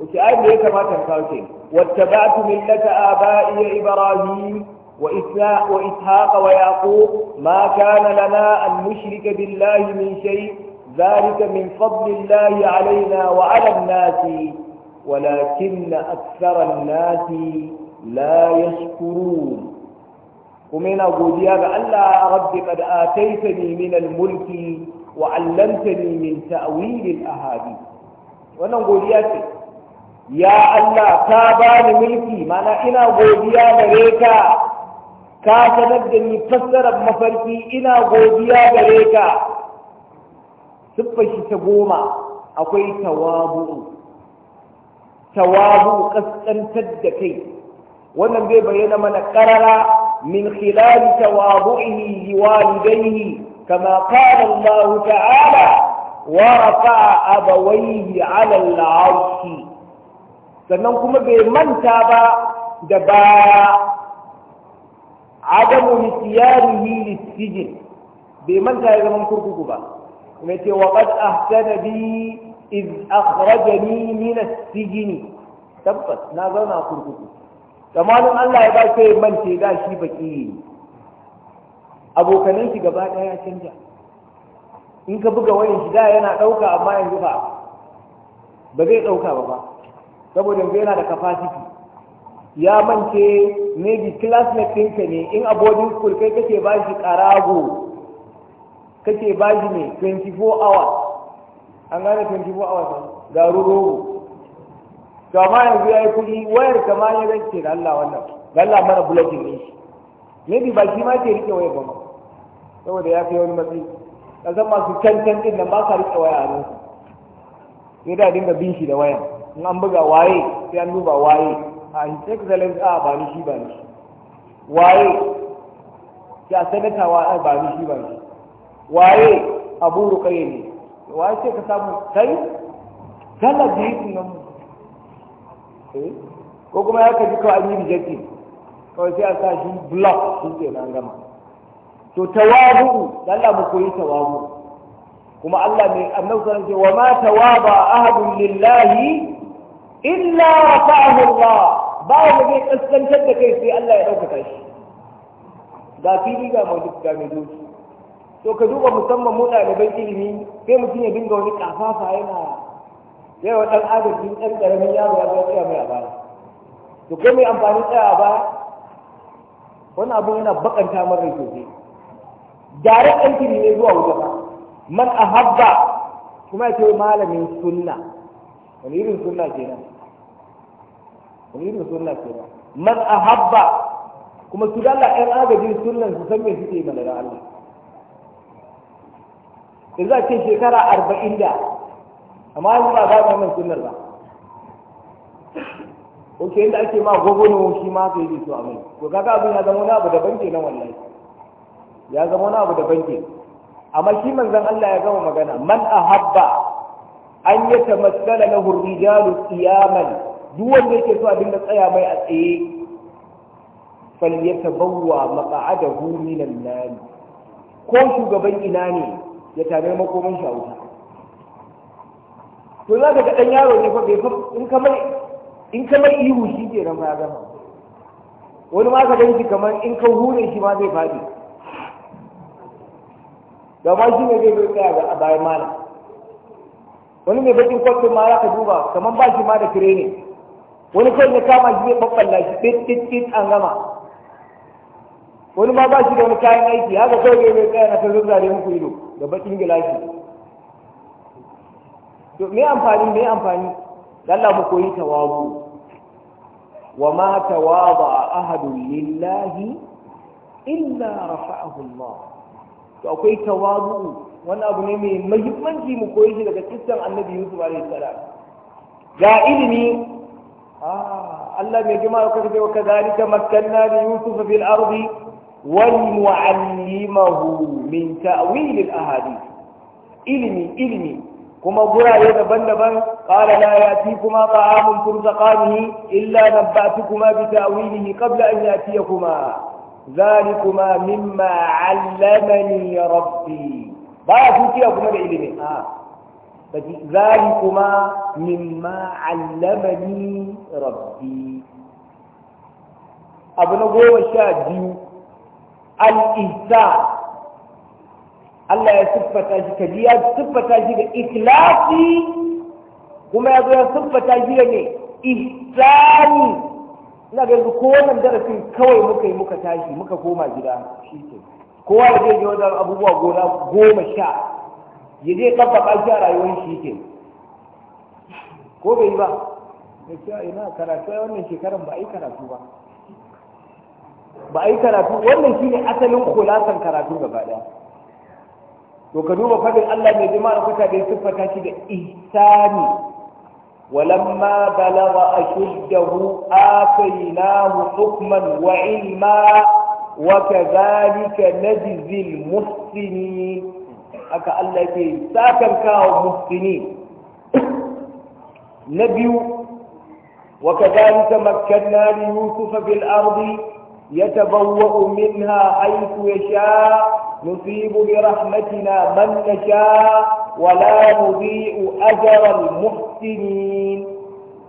wacce ai da ya kamata ka kawo wacce ba su millata a ba'iyyar Ibrahim wa ishaqa wa yaqub ma kana lana an mushrika billahi min shay zalika min fadlillahi alaina wa ala an walakin aksara nasi la yashkurun kuma yana godiya ga Allah rabbi qad ataitani min al-mulki wa 'allamtani min ta'wil al-ahadith wannan godiya ce ya Allah ka bani mulki mana ina godiya gare ka ka sanar da ni fassarar mafarki ina godiya gare ka siffar ta goma akwai tawabu'u tawabu kaskantar da kai wannan bai bayyana mana karara من خلال kama لوالديه كما ta'ala الله تعالى ورفع أبويه على العرش sannan kuma bai manta ba da baya adamu nisiyarihi lissijin bai manta ya zaman kurkuku ba kuma ce wa qad ahsana bi iz akhrajani min as-sijn tabbas na zauna kurkuku zamanin Allah ya ba sai mance da shi baki abokanan shi gaba daya ya canja in ka buga wayan shi da yana dauka amma yanzu ba ba zai dauka ba ba saboda yanzu yana da capacity ya mance maybe classmate ɗinka ne in a boarding school kai kake ba shi karago kake ba shi ne 24 hours an gane 24 hours garu rogo to amma yanzu ya yi kuɗi wayar kama ya zance da Allah wannan da Allah mana bulletin ne shi maybe ba shi ma ke rike wayar ba ma saboda ya fi wani matsayi kasan masu cancan din nan ba sa rike waya a nan sai da dinga bin shi da waya in an buga waye sai an duba waye a ah, his excellence a ah, ba ni shi ba ni waye ya sanata wa ah, ba ni shi ba ni waye abu rukaye ne wa ce ka samu kai kana da yi nan eh? ko kuma ya ka ji kawai an yi rejecting kawai sai a sa shi block shi ke nan gama to tawabu Allah mu koyi tawabu kuma Allah mai annabi sallallahu alaihi wasallam wa ma tawaba ahadun lillahi illa rafa'ahu Allah ba wanda zai kaskantar da kai sai Allah ya dauka shi ga fili ga mawdu ga mai doki to ka duba musamman da ɗaliban ilimi sai mutum ya dinga wani kafafa yana yawa ɗan adadi ɗan ƙaramin yaro ya tsaya mai a baya to kai mai amfani tsaya a baya wani abu yana bakanta mara sosai direct kiri ne zuwa wuta ba man ahabba kuma ya ce malamin sunna wani irin sunna kenan wani irin sunna kenan man ahabba kuma su dalla ɗan agajin sunnan su san me suke mana da Allah da za ce shekara arba'in da amma yanzu ba za a wannan sunar ba ok yadda ake ma gwagwano shi ma ka yi da su a mai ko kaga abin ya zama wani abu da banke na wallahi ya zama wani abu da banke? amma shi manzon Allah ya gama magana man ahabba an ya tamassala lahu rijalu qiyaman duk wanda yake so a dinga tsaya mai a tsaye Fal falyatabawwa maq'adahu minan nar ko shugaban ina ne ya tare makoman shi a wuta to za ka ga ɗan yaro ne fa bai fa in ka mai in ka mai ihu shi ke nan ya gama wani ma ka ganci kamar in ka hure shi ma zai faɗi da ma shi ne zai zo tsaya a bayan malam wani mai bakin kwatsun ma za ka duba kamar ba shi ma da kire ne wani kai ya kama shi zai babballa shi ɗin an gama wani ma ba shi da wani kayan aiki haka kawai zai zo tsaya na ta zuzzare muku ido da bakin gilashi to me amfani me amfani Allah mu koyi tawazu wa ma tawaba ahadun lillahi illa rafa'ahu Allah to akwai tawazu wannan abu ne mai muhimmanci mu koyi shi daga kissan Annabi Yusuf alaihi salam ga ilimi ah Allah mai jima ya kace wa kadhalika makkanna li Yusuf fil ardi walmu'allimahu min ta'wil al-ahadith ilmi ilmi kuma guraye daban-daban qala la yati kuma ta'amun turzaqanihi illa nabba'tukuma bi ta'wilihi kabla an yatiyakuma dhalikuma mimma 'allamani rabbi ba yatiya kuma da ilmi a fadi dhalikuma mimma 'allamani rabbi abu na goma sha biyu Al'isa, Allah ya siffata shi ka ya siffata shi da ikilasi kuma ya zo ya siffata shi da ne ihsani ina ga yanzu ko wannan darasin kawai muka yi muka tashi muka koma gida shi ke kowa ya je wajen abubuwa gona goma sha ya zai kafa shi a rayuwar shi ke ko bai yi ba ya ce ina karatu wannan shekarar ba a yi karatu ba ba a yi karatu wannan shine asalin khulasan karatu gaba daya to ka duba faɗin Allah mai jama'a kuka da siffata shi da ihsani walamma balagha ashuddahu atainahu hukman wa ilma wa kadhalika najzil muhsinin aka Allah ke sakan kawo muhsinin na biyu وكذلك مكنا ليوسف في الأرض يتبوأ منها حيث يشاء نصيب برحمتنا من نشاء ولا نضيع أجر المحسنين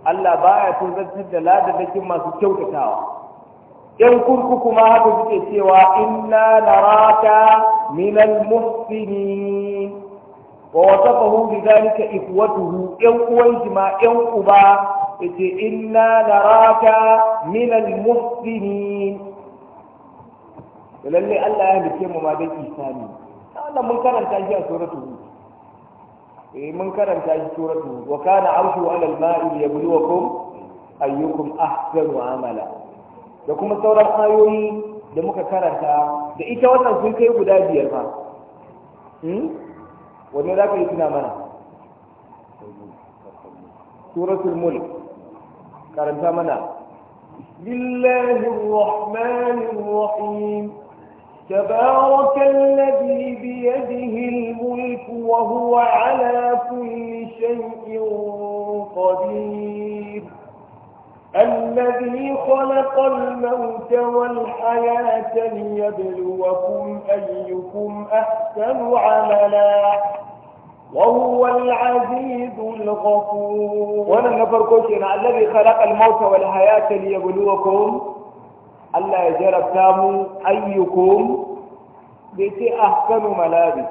الله باية تنزل لا تذكر ما سكوت تاوى إن كنت ما هكذا سوى إنا نراك من المحسنين ووصفه بذلك إخوته إن قويت ما إن أبا yace inna naraka min al-muhsinin lalle Allah ya halice mu ma da isani Allah mun karanta shi a suratul hud eh mun karanta shi suratul hud wa kana arshu ala al-ma'i yabluwakum ayyukum ahsanu amala da kuma sauran ayoyi da muka karanta da ita wannan sun kai guda biyar fa hmm? wanne za ka yi tuna mana suratul mulk karanta mana لله الرحمن الرحيم تبارك الذي بيده الملك وهو على كل شيء قدير الذي خلق الموت والحياة ليبلوكم أيكم أحسن عملا وهو العزيز الغفور وانا نفرقو شينا الذي خلق الموت والحياة ليبلوكم الله يجرب تامو أيكم بيتي أحسن ملابس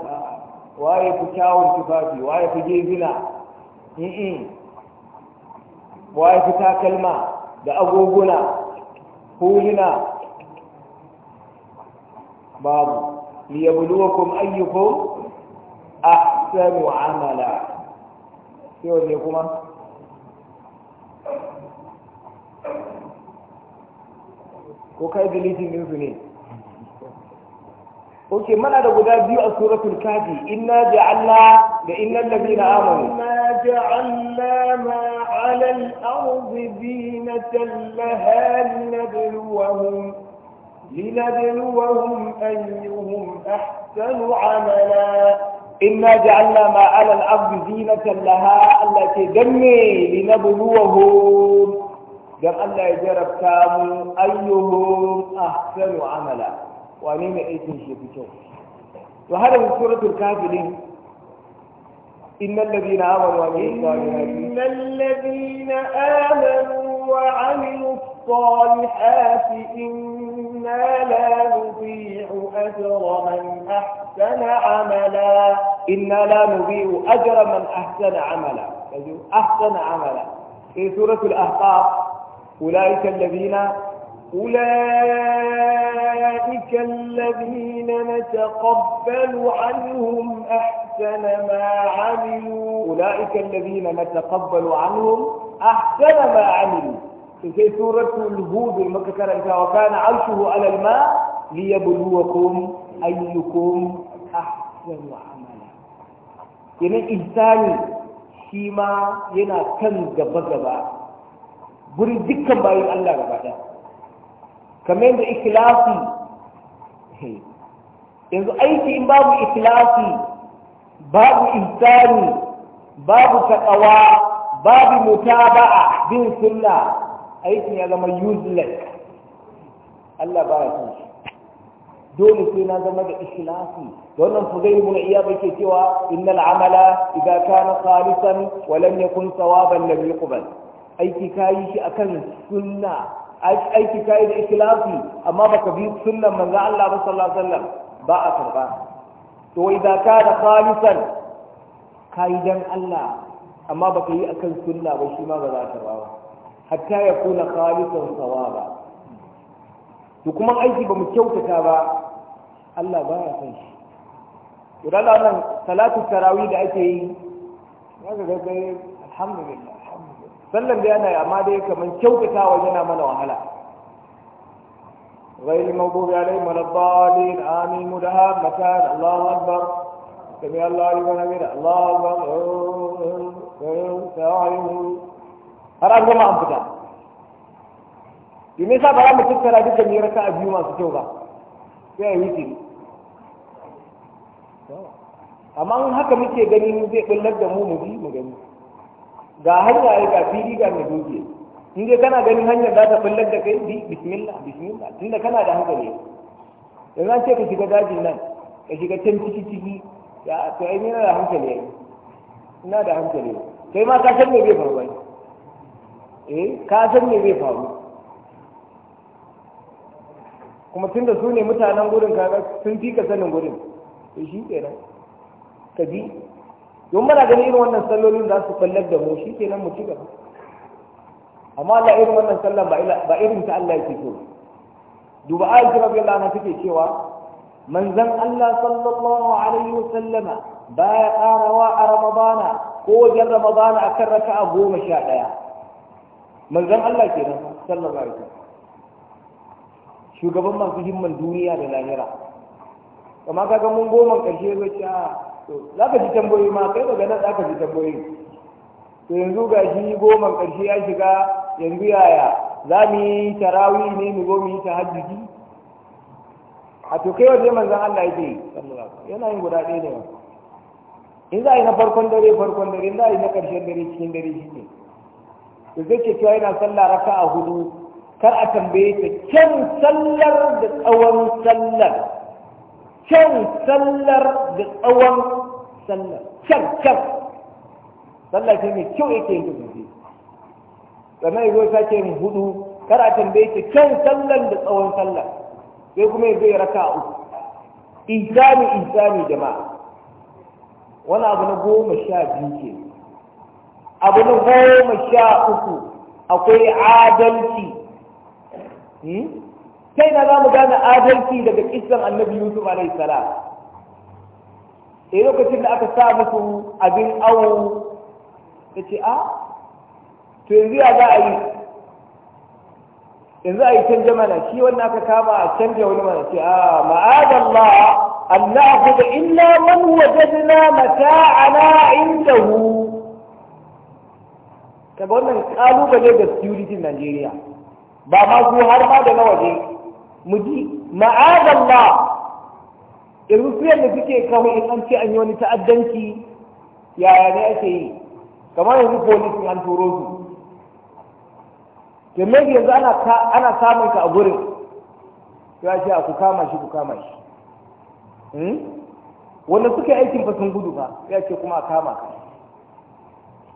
waye fi kyawun tufafi waye fi gezina waye fi takalma da agoguna huluna babu liyabluwakum ayyukum ahsanu amala sai wanne kuma ko kai deleting din su ne Oke mana da guda biyu a suratul kafi inna ja'alna da innal ladina amanu inna ja'alna ma 'ala al-ardi zinatan laha linabluwahum لنبلوهم أيهم أحسن عملا inna ja'alna ma 'ala al-ardi zinatan laha Allah ce dan me linabluwahum dan Allah ya jarabta mu ayyuhum ahsanu amala wane ne aikin shi fi kyau to har yanzu suratul kafirin وعملوا الصالحات إنا لا نضيع أجر من أحسن عملا إنا لا نضيع أجر من أحسن عملا أحسن عملا في سورة الأحقاف أولئك الذين أولئك الذين نتقبل عنهم أحسن ما عملوا أولئك الذين نتقبل عنهم أحسن ما عملوا في سورة الهود إذا وكان عرشه على الماء ليبلوكم أيكم أحسن عملا يعني إنساني شيما ينا كان جبا جبا بري دكا باين الله جبا kamar yadda ikhlasi yanzu aiki in babu ikhlasi babu ihsani babu taqwa babu mutaba'a bin sunna aiki ya zama useless Allah ba ya san shi dole sai na zama da ikhlasi da wannan fuzai mun iya bake cewa innal amala idza kana khalisan wa lam yakun sawaban lam yuqbal aiki kayi shi akan sunna aiki yi da ikhlasi amma baka bi sunnan manzo Allah ba sallallahu alaihi wasallam ba a karba to idza da khalisan kai dan Allah amma baka yi akan sunna ba shi ma ba za ka ba hatta ya kuna khalisan sawaba to kuma aiki ba mu kyautata ba Allah baya son shi to dan nan salatu tarawih da ake yi zaka ga alhamdulillah sallan da yana amma dai kamar kyautatawa yana mana wahala غير المغضوب عليهم ولا الضالين آمين مدهامتان الله أكبر سمع الله لمن حمده الله أكبر har an gama an fita domin sa ba za mu tattara duka ne raka a biyu masu kyau ba sai a yi amma haka muke gani zai ɓullar da mu mu mu gani ga hanya ya ga fili ga mai doke in dai kana ganin hanyar za ta fallar da kai bi bismillah bismillah tunda kana da hankali yanzu an ce ka shiga dajin nan ka shiga can ciki ciki ya to ai ina da hankali ai ina da hankali kai ma ka san me zai faru ai eh ka san me zai faru kuma tunda su ne mutanen gurin kaga sun fi ka sanin gurin to shi kenan ka bi don muna ganin irin wannan sallolin za su fallar da mu shi ke nan mu ci gaba amma Allah irin wannan sallan ba irin ta Allah yake so duba ayat da Rabbi Allah take cewa manzon Allah sallallahu alaihi wasallama baya karawa a Ramadana ko wajen Ramadana akan raka'a goma sha ɗaya manzon Allah kenan sallallahu alaihi wasallam shugaban masu himman duniya da lahira amma kaga mun goma ƙarshe zai ce to za ka ji tambayoyi ma kai daga nan za ka ji tambayoyi to yanzu ga shi goma ƙarshe ya shiga yanzu yaya za mu yi tarawi ne mu zo mu yi tahajjudi a to kai waje manzon Allah yake yana yin guda ɗaya ne in za a yi na farkon dare farkon dare in za a yi na ƙarshen dare cikin dare shi ne to zai ce cewa yana sallah raka a hudu kar a tambaye ta can sallar da tsawon sallar kyan sallar da tsawon sallar kyan kyan sallar ce mai kyau yake yin kasance sannan ya zo sake yin hudu kara tambaye ki kyan sallar da tsawon sallar sai kuma ya zo ya raka uku isani isani jama'a wani abu na goma sha biyu ke abu na goma sha uku akwai adalci hmm? sai na za mu gane adalci daga kisan annabi yusuf alaihi salam sai eh, lokacin da aka sa musu abin awo ta ce a ah, to yanzu ya za a yi yanzu a yi canja mana shi wannan aka kama a canje wani mana ce a ah, ma'adallah an na'khudha illa man wajadna mata'ana indahu kaga wannan kalubale da security Najeriya ba ma su har ma da na waje mu ji ma'adallah irin su da suke kawo in an ce an yi wani ta'addanci yaya ne ake yi kamar yanzu polisi an turo su kemen yanzu ana samun ka a gurin ya ce a ku kama shi ku kama shi hmm? wanda suke aikin fasin gudu ba ya ce kuma a kama ka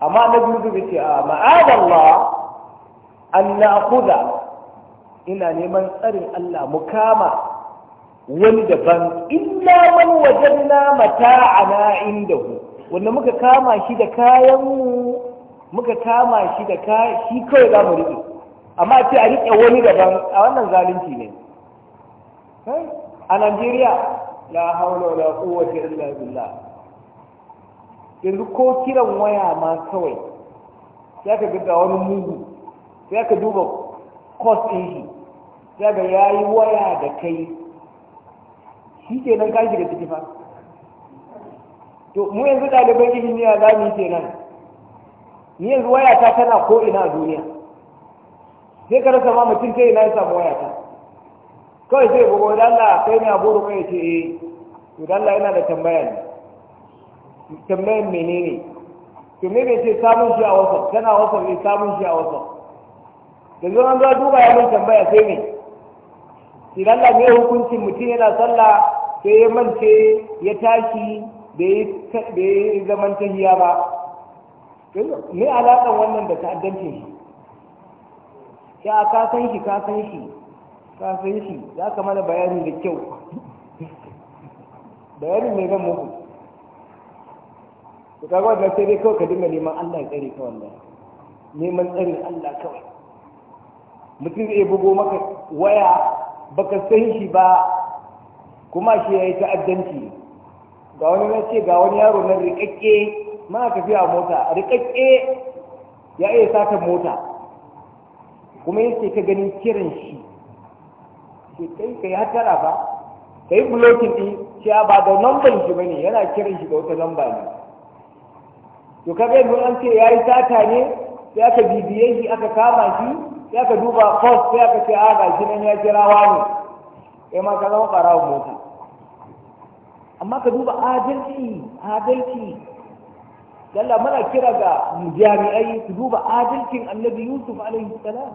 amma na gudu ya ce a ma'adalla an na'khudha ina neman tsarin Allah mu kama wani daban illa man wajanna mata'ana indahu wanda muka kama shi da kayanmu muka kama shi da ka shi kawai za mu riƙe amma ce a riƙe wani daban a wannan zalunci ne eh? a Najeriya la hawla wala quwwata illa billah yanzu ko kiran waya ma kawai sai ka ga wani mugu sai ka duba cost ɗin shi daga ya yi waya da kai shi ke nan kashi da ciki fa to mu yanzu ɗaliban ilimiya za mu yi ke nan ni yanzu waya ta tana ko ina duniya sai ka rasa ma mutum ta ina ya samu waya ta kawai sai gobe da dala kai ne abu ruwa ya ce eh to dala yana da tambaya ne tambayan menene to me bai ce samun shi a wasan tana wasan ne samun shi a wasan yanzu an zuwa duba ya mun tambaya sai me idan Allah ya hukuncin mutum yana sallah sai ya mance ya tashi bai yi zaman tahiya ba me alaƙar wannan da ta'addancin shi ya ka san shi ka san shi ka san shi za ka mana bayani da kyau bayani mai zan muku ka kawo da sai dai kawai ka dinga neman Allah ya tsare ka wannan neman tsarin Allah kawai mutum zai bugo maka waya baka san shi ba kuma shi ya yi ta'addanci ga wani na ce ga wani yaro na rikakke ma tafiya mota rikakke ya iya sata mota kuma yake ka ganin kiran shi ce kai kai hatara ba kai blocking din shi ba da number shi bane yana kiran shi da wata lamba ne to kaga mun an ce yayi sata ne sai aka bibiye shi aka kama shi sai ka duba post sai ka ce a ah, ga shi nan ya kira wani kai ma ka zama ɓarawa mota amma ka duba adalci adalci lalla muna kira ga jami'ai su duba adalcin annabi yusuf alaihi salam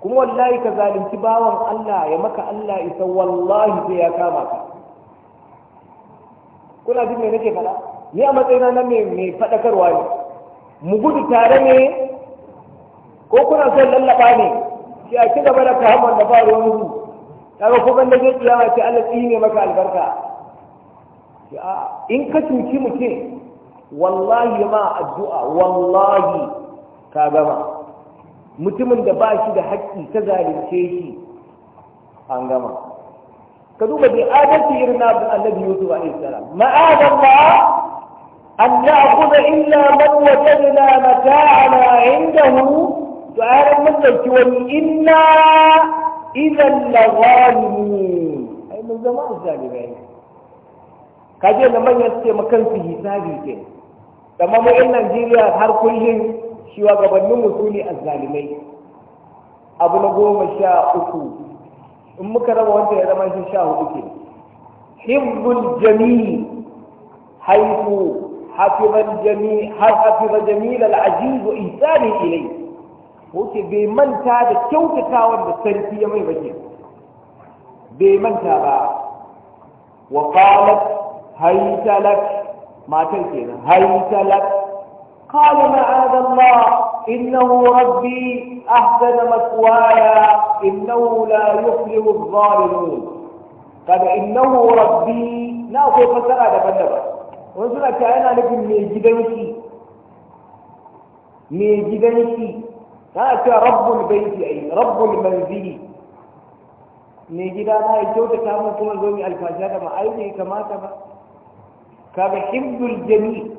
kuma wallahi ka zalunci bawan Allah ya maka Allah isa wallahi sai ya kama ka kuna jin me nake kala? ni a matsayina na mai fadakarwa ne mu gudu tare ne ko kuna son lallaba ne sai a ci gaba da kahamar da ba ruwan su kaga ko ban da zai kiyama sai Allah ne maka albarka in ka cuci mutum wallahi ma addu'a wallahi ka gama mutumin da ba shi da haƙƙi ta zalunce shi an gama ka duba da adalci irin na abu annabi yusuf alaihi salam ma'adan ba an na'khudha illa man wajadna mata'ana indahu to a yaran mun dauki wani inna idan na zalimu ai mun zama azzalimai kaje da manyan suke makan su hisabi ke amma mu yan Najeriya har kullum shugabannin mu su ne zalimai abu na goma sha uku in muka raba wanda ya zama shi sha hudu ke hibbul jami'i haifu hafiza jami'i har hafiza jami'i al-aziz wa ihsani ilayhi ko ce bai manta da kyautatawar da sarki ya mai bace bai manta ba wa qalat hayta lak matar kenan hayta lak qala ma'ada Allah innahu rabbi ahsana maswaya innahu la yuflihu adh-dhalimun kada innahu rabbi na akwai fasara daban-daban wani suna cewa yana nufin mai gidanki mai gidanki ta ce rabbul baiti ai rabbul ne gida na ya kyautata mun kuma zo alfasha da ma'ai ne kamata ba ka ga hibdul jami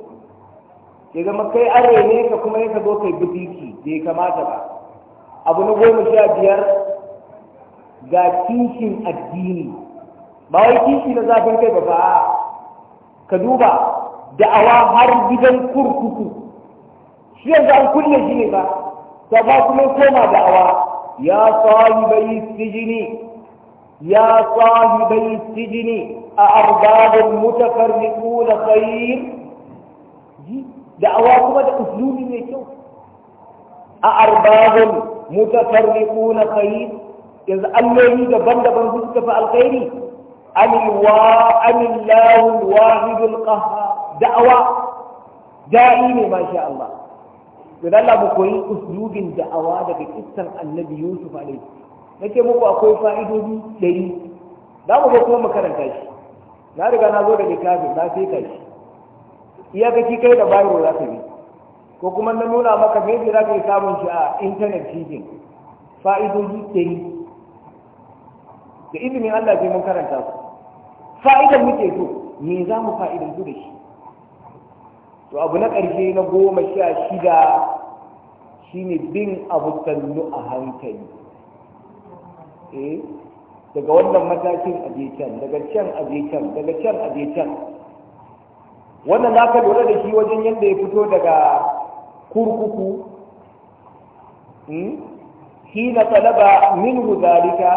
ya zama kai are ne ka kuma ya zo kai bidiki bai kamata ba abu na goma sha biyar ga kishin addini ba wai kishi na zafin kai ba ba ka duba da'awa har gidan kurkuku shi yanzu an kulle shi ne ba safa kuma koma da'awa ya sahibai sijini ya sahibai sijini a arbabin mutafarriqu na khair da'awa kuma da uslubi mai kyau a arbabin mutafarriqu na khair yanzu alloli daban-daban su suka fi alkhairi amiwa amillahu wahidul qahhar da'awa da'i ne masha Allah to Allah mu koyi uslubin da'awa daga kissan annabi Yusuf alaihi nake muku akwai fa'idodi dari za mu ga kuma mu karanta shi na riga na zo da littafin na sai ka shi iyakaci kai da bayro za ka bi ko kuma na nuna maka maybe za ka yi samun shi a internet cikin fa'idodi dari da izinin Allah sai mun karanta su fa'idan muke so me za mu fa'idan su da shi to abu na ƙarshe na goma sha shida shine bin abu sannu a hankali eh daga wannan matakin aje can daga can aje can daga can aje can wannan za ka lura da shi wajen yadda ya fito daga kurkuku hmm? hina talaba min zalika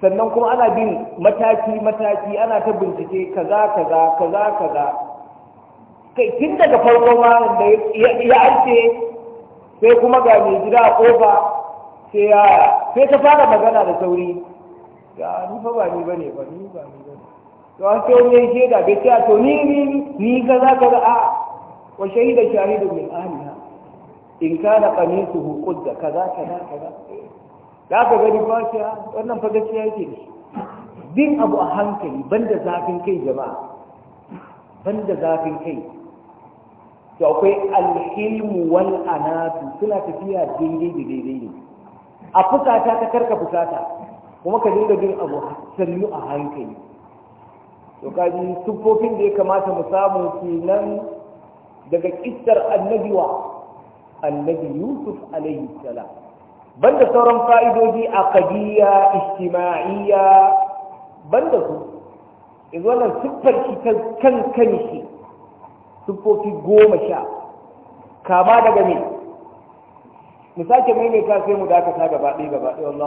sannan kuma ana bin mataki mataki ana ta bincike kaza kaza kaza kaza kai tun daga farko ma da ya aike sai kuma ga mai gida a kofa sai ya sai ta fara magana da sauri ya ni fa ba ni bane ba ni ba ni bane to an sai ke da bai ta to ni ni ni kaza kaza a wa shahida shahidun min ahliha in kana qamisuhu qudda kaza kaza kaza da ka gani ba shi wannan fa gaskiya yake ne. din abu a hankali banda zafin kai jama'a banda zafin kai to akwai alhilmu wal anatu suna tafiya daidai da daidai ne a fusata ta karka fusata kuma ka dinga bin abu sannu a hankali to kaji siffofin da ya kamata mu samu kenan daga kissar annabi wa annabi yusuf alaihi salam banda sauran fa'idoji a kadiya ijtima'iyya banda su yanzu wannan siffar kan kanshi siffofi goma sha kama daga me mu sake ta sai mu sa gaba ɗaya gaba ɗaya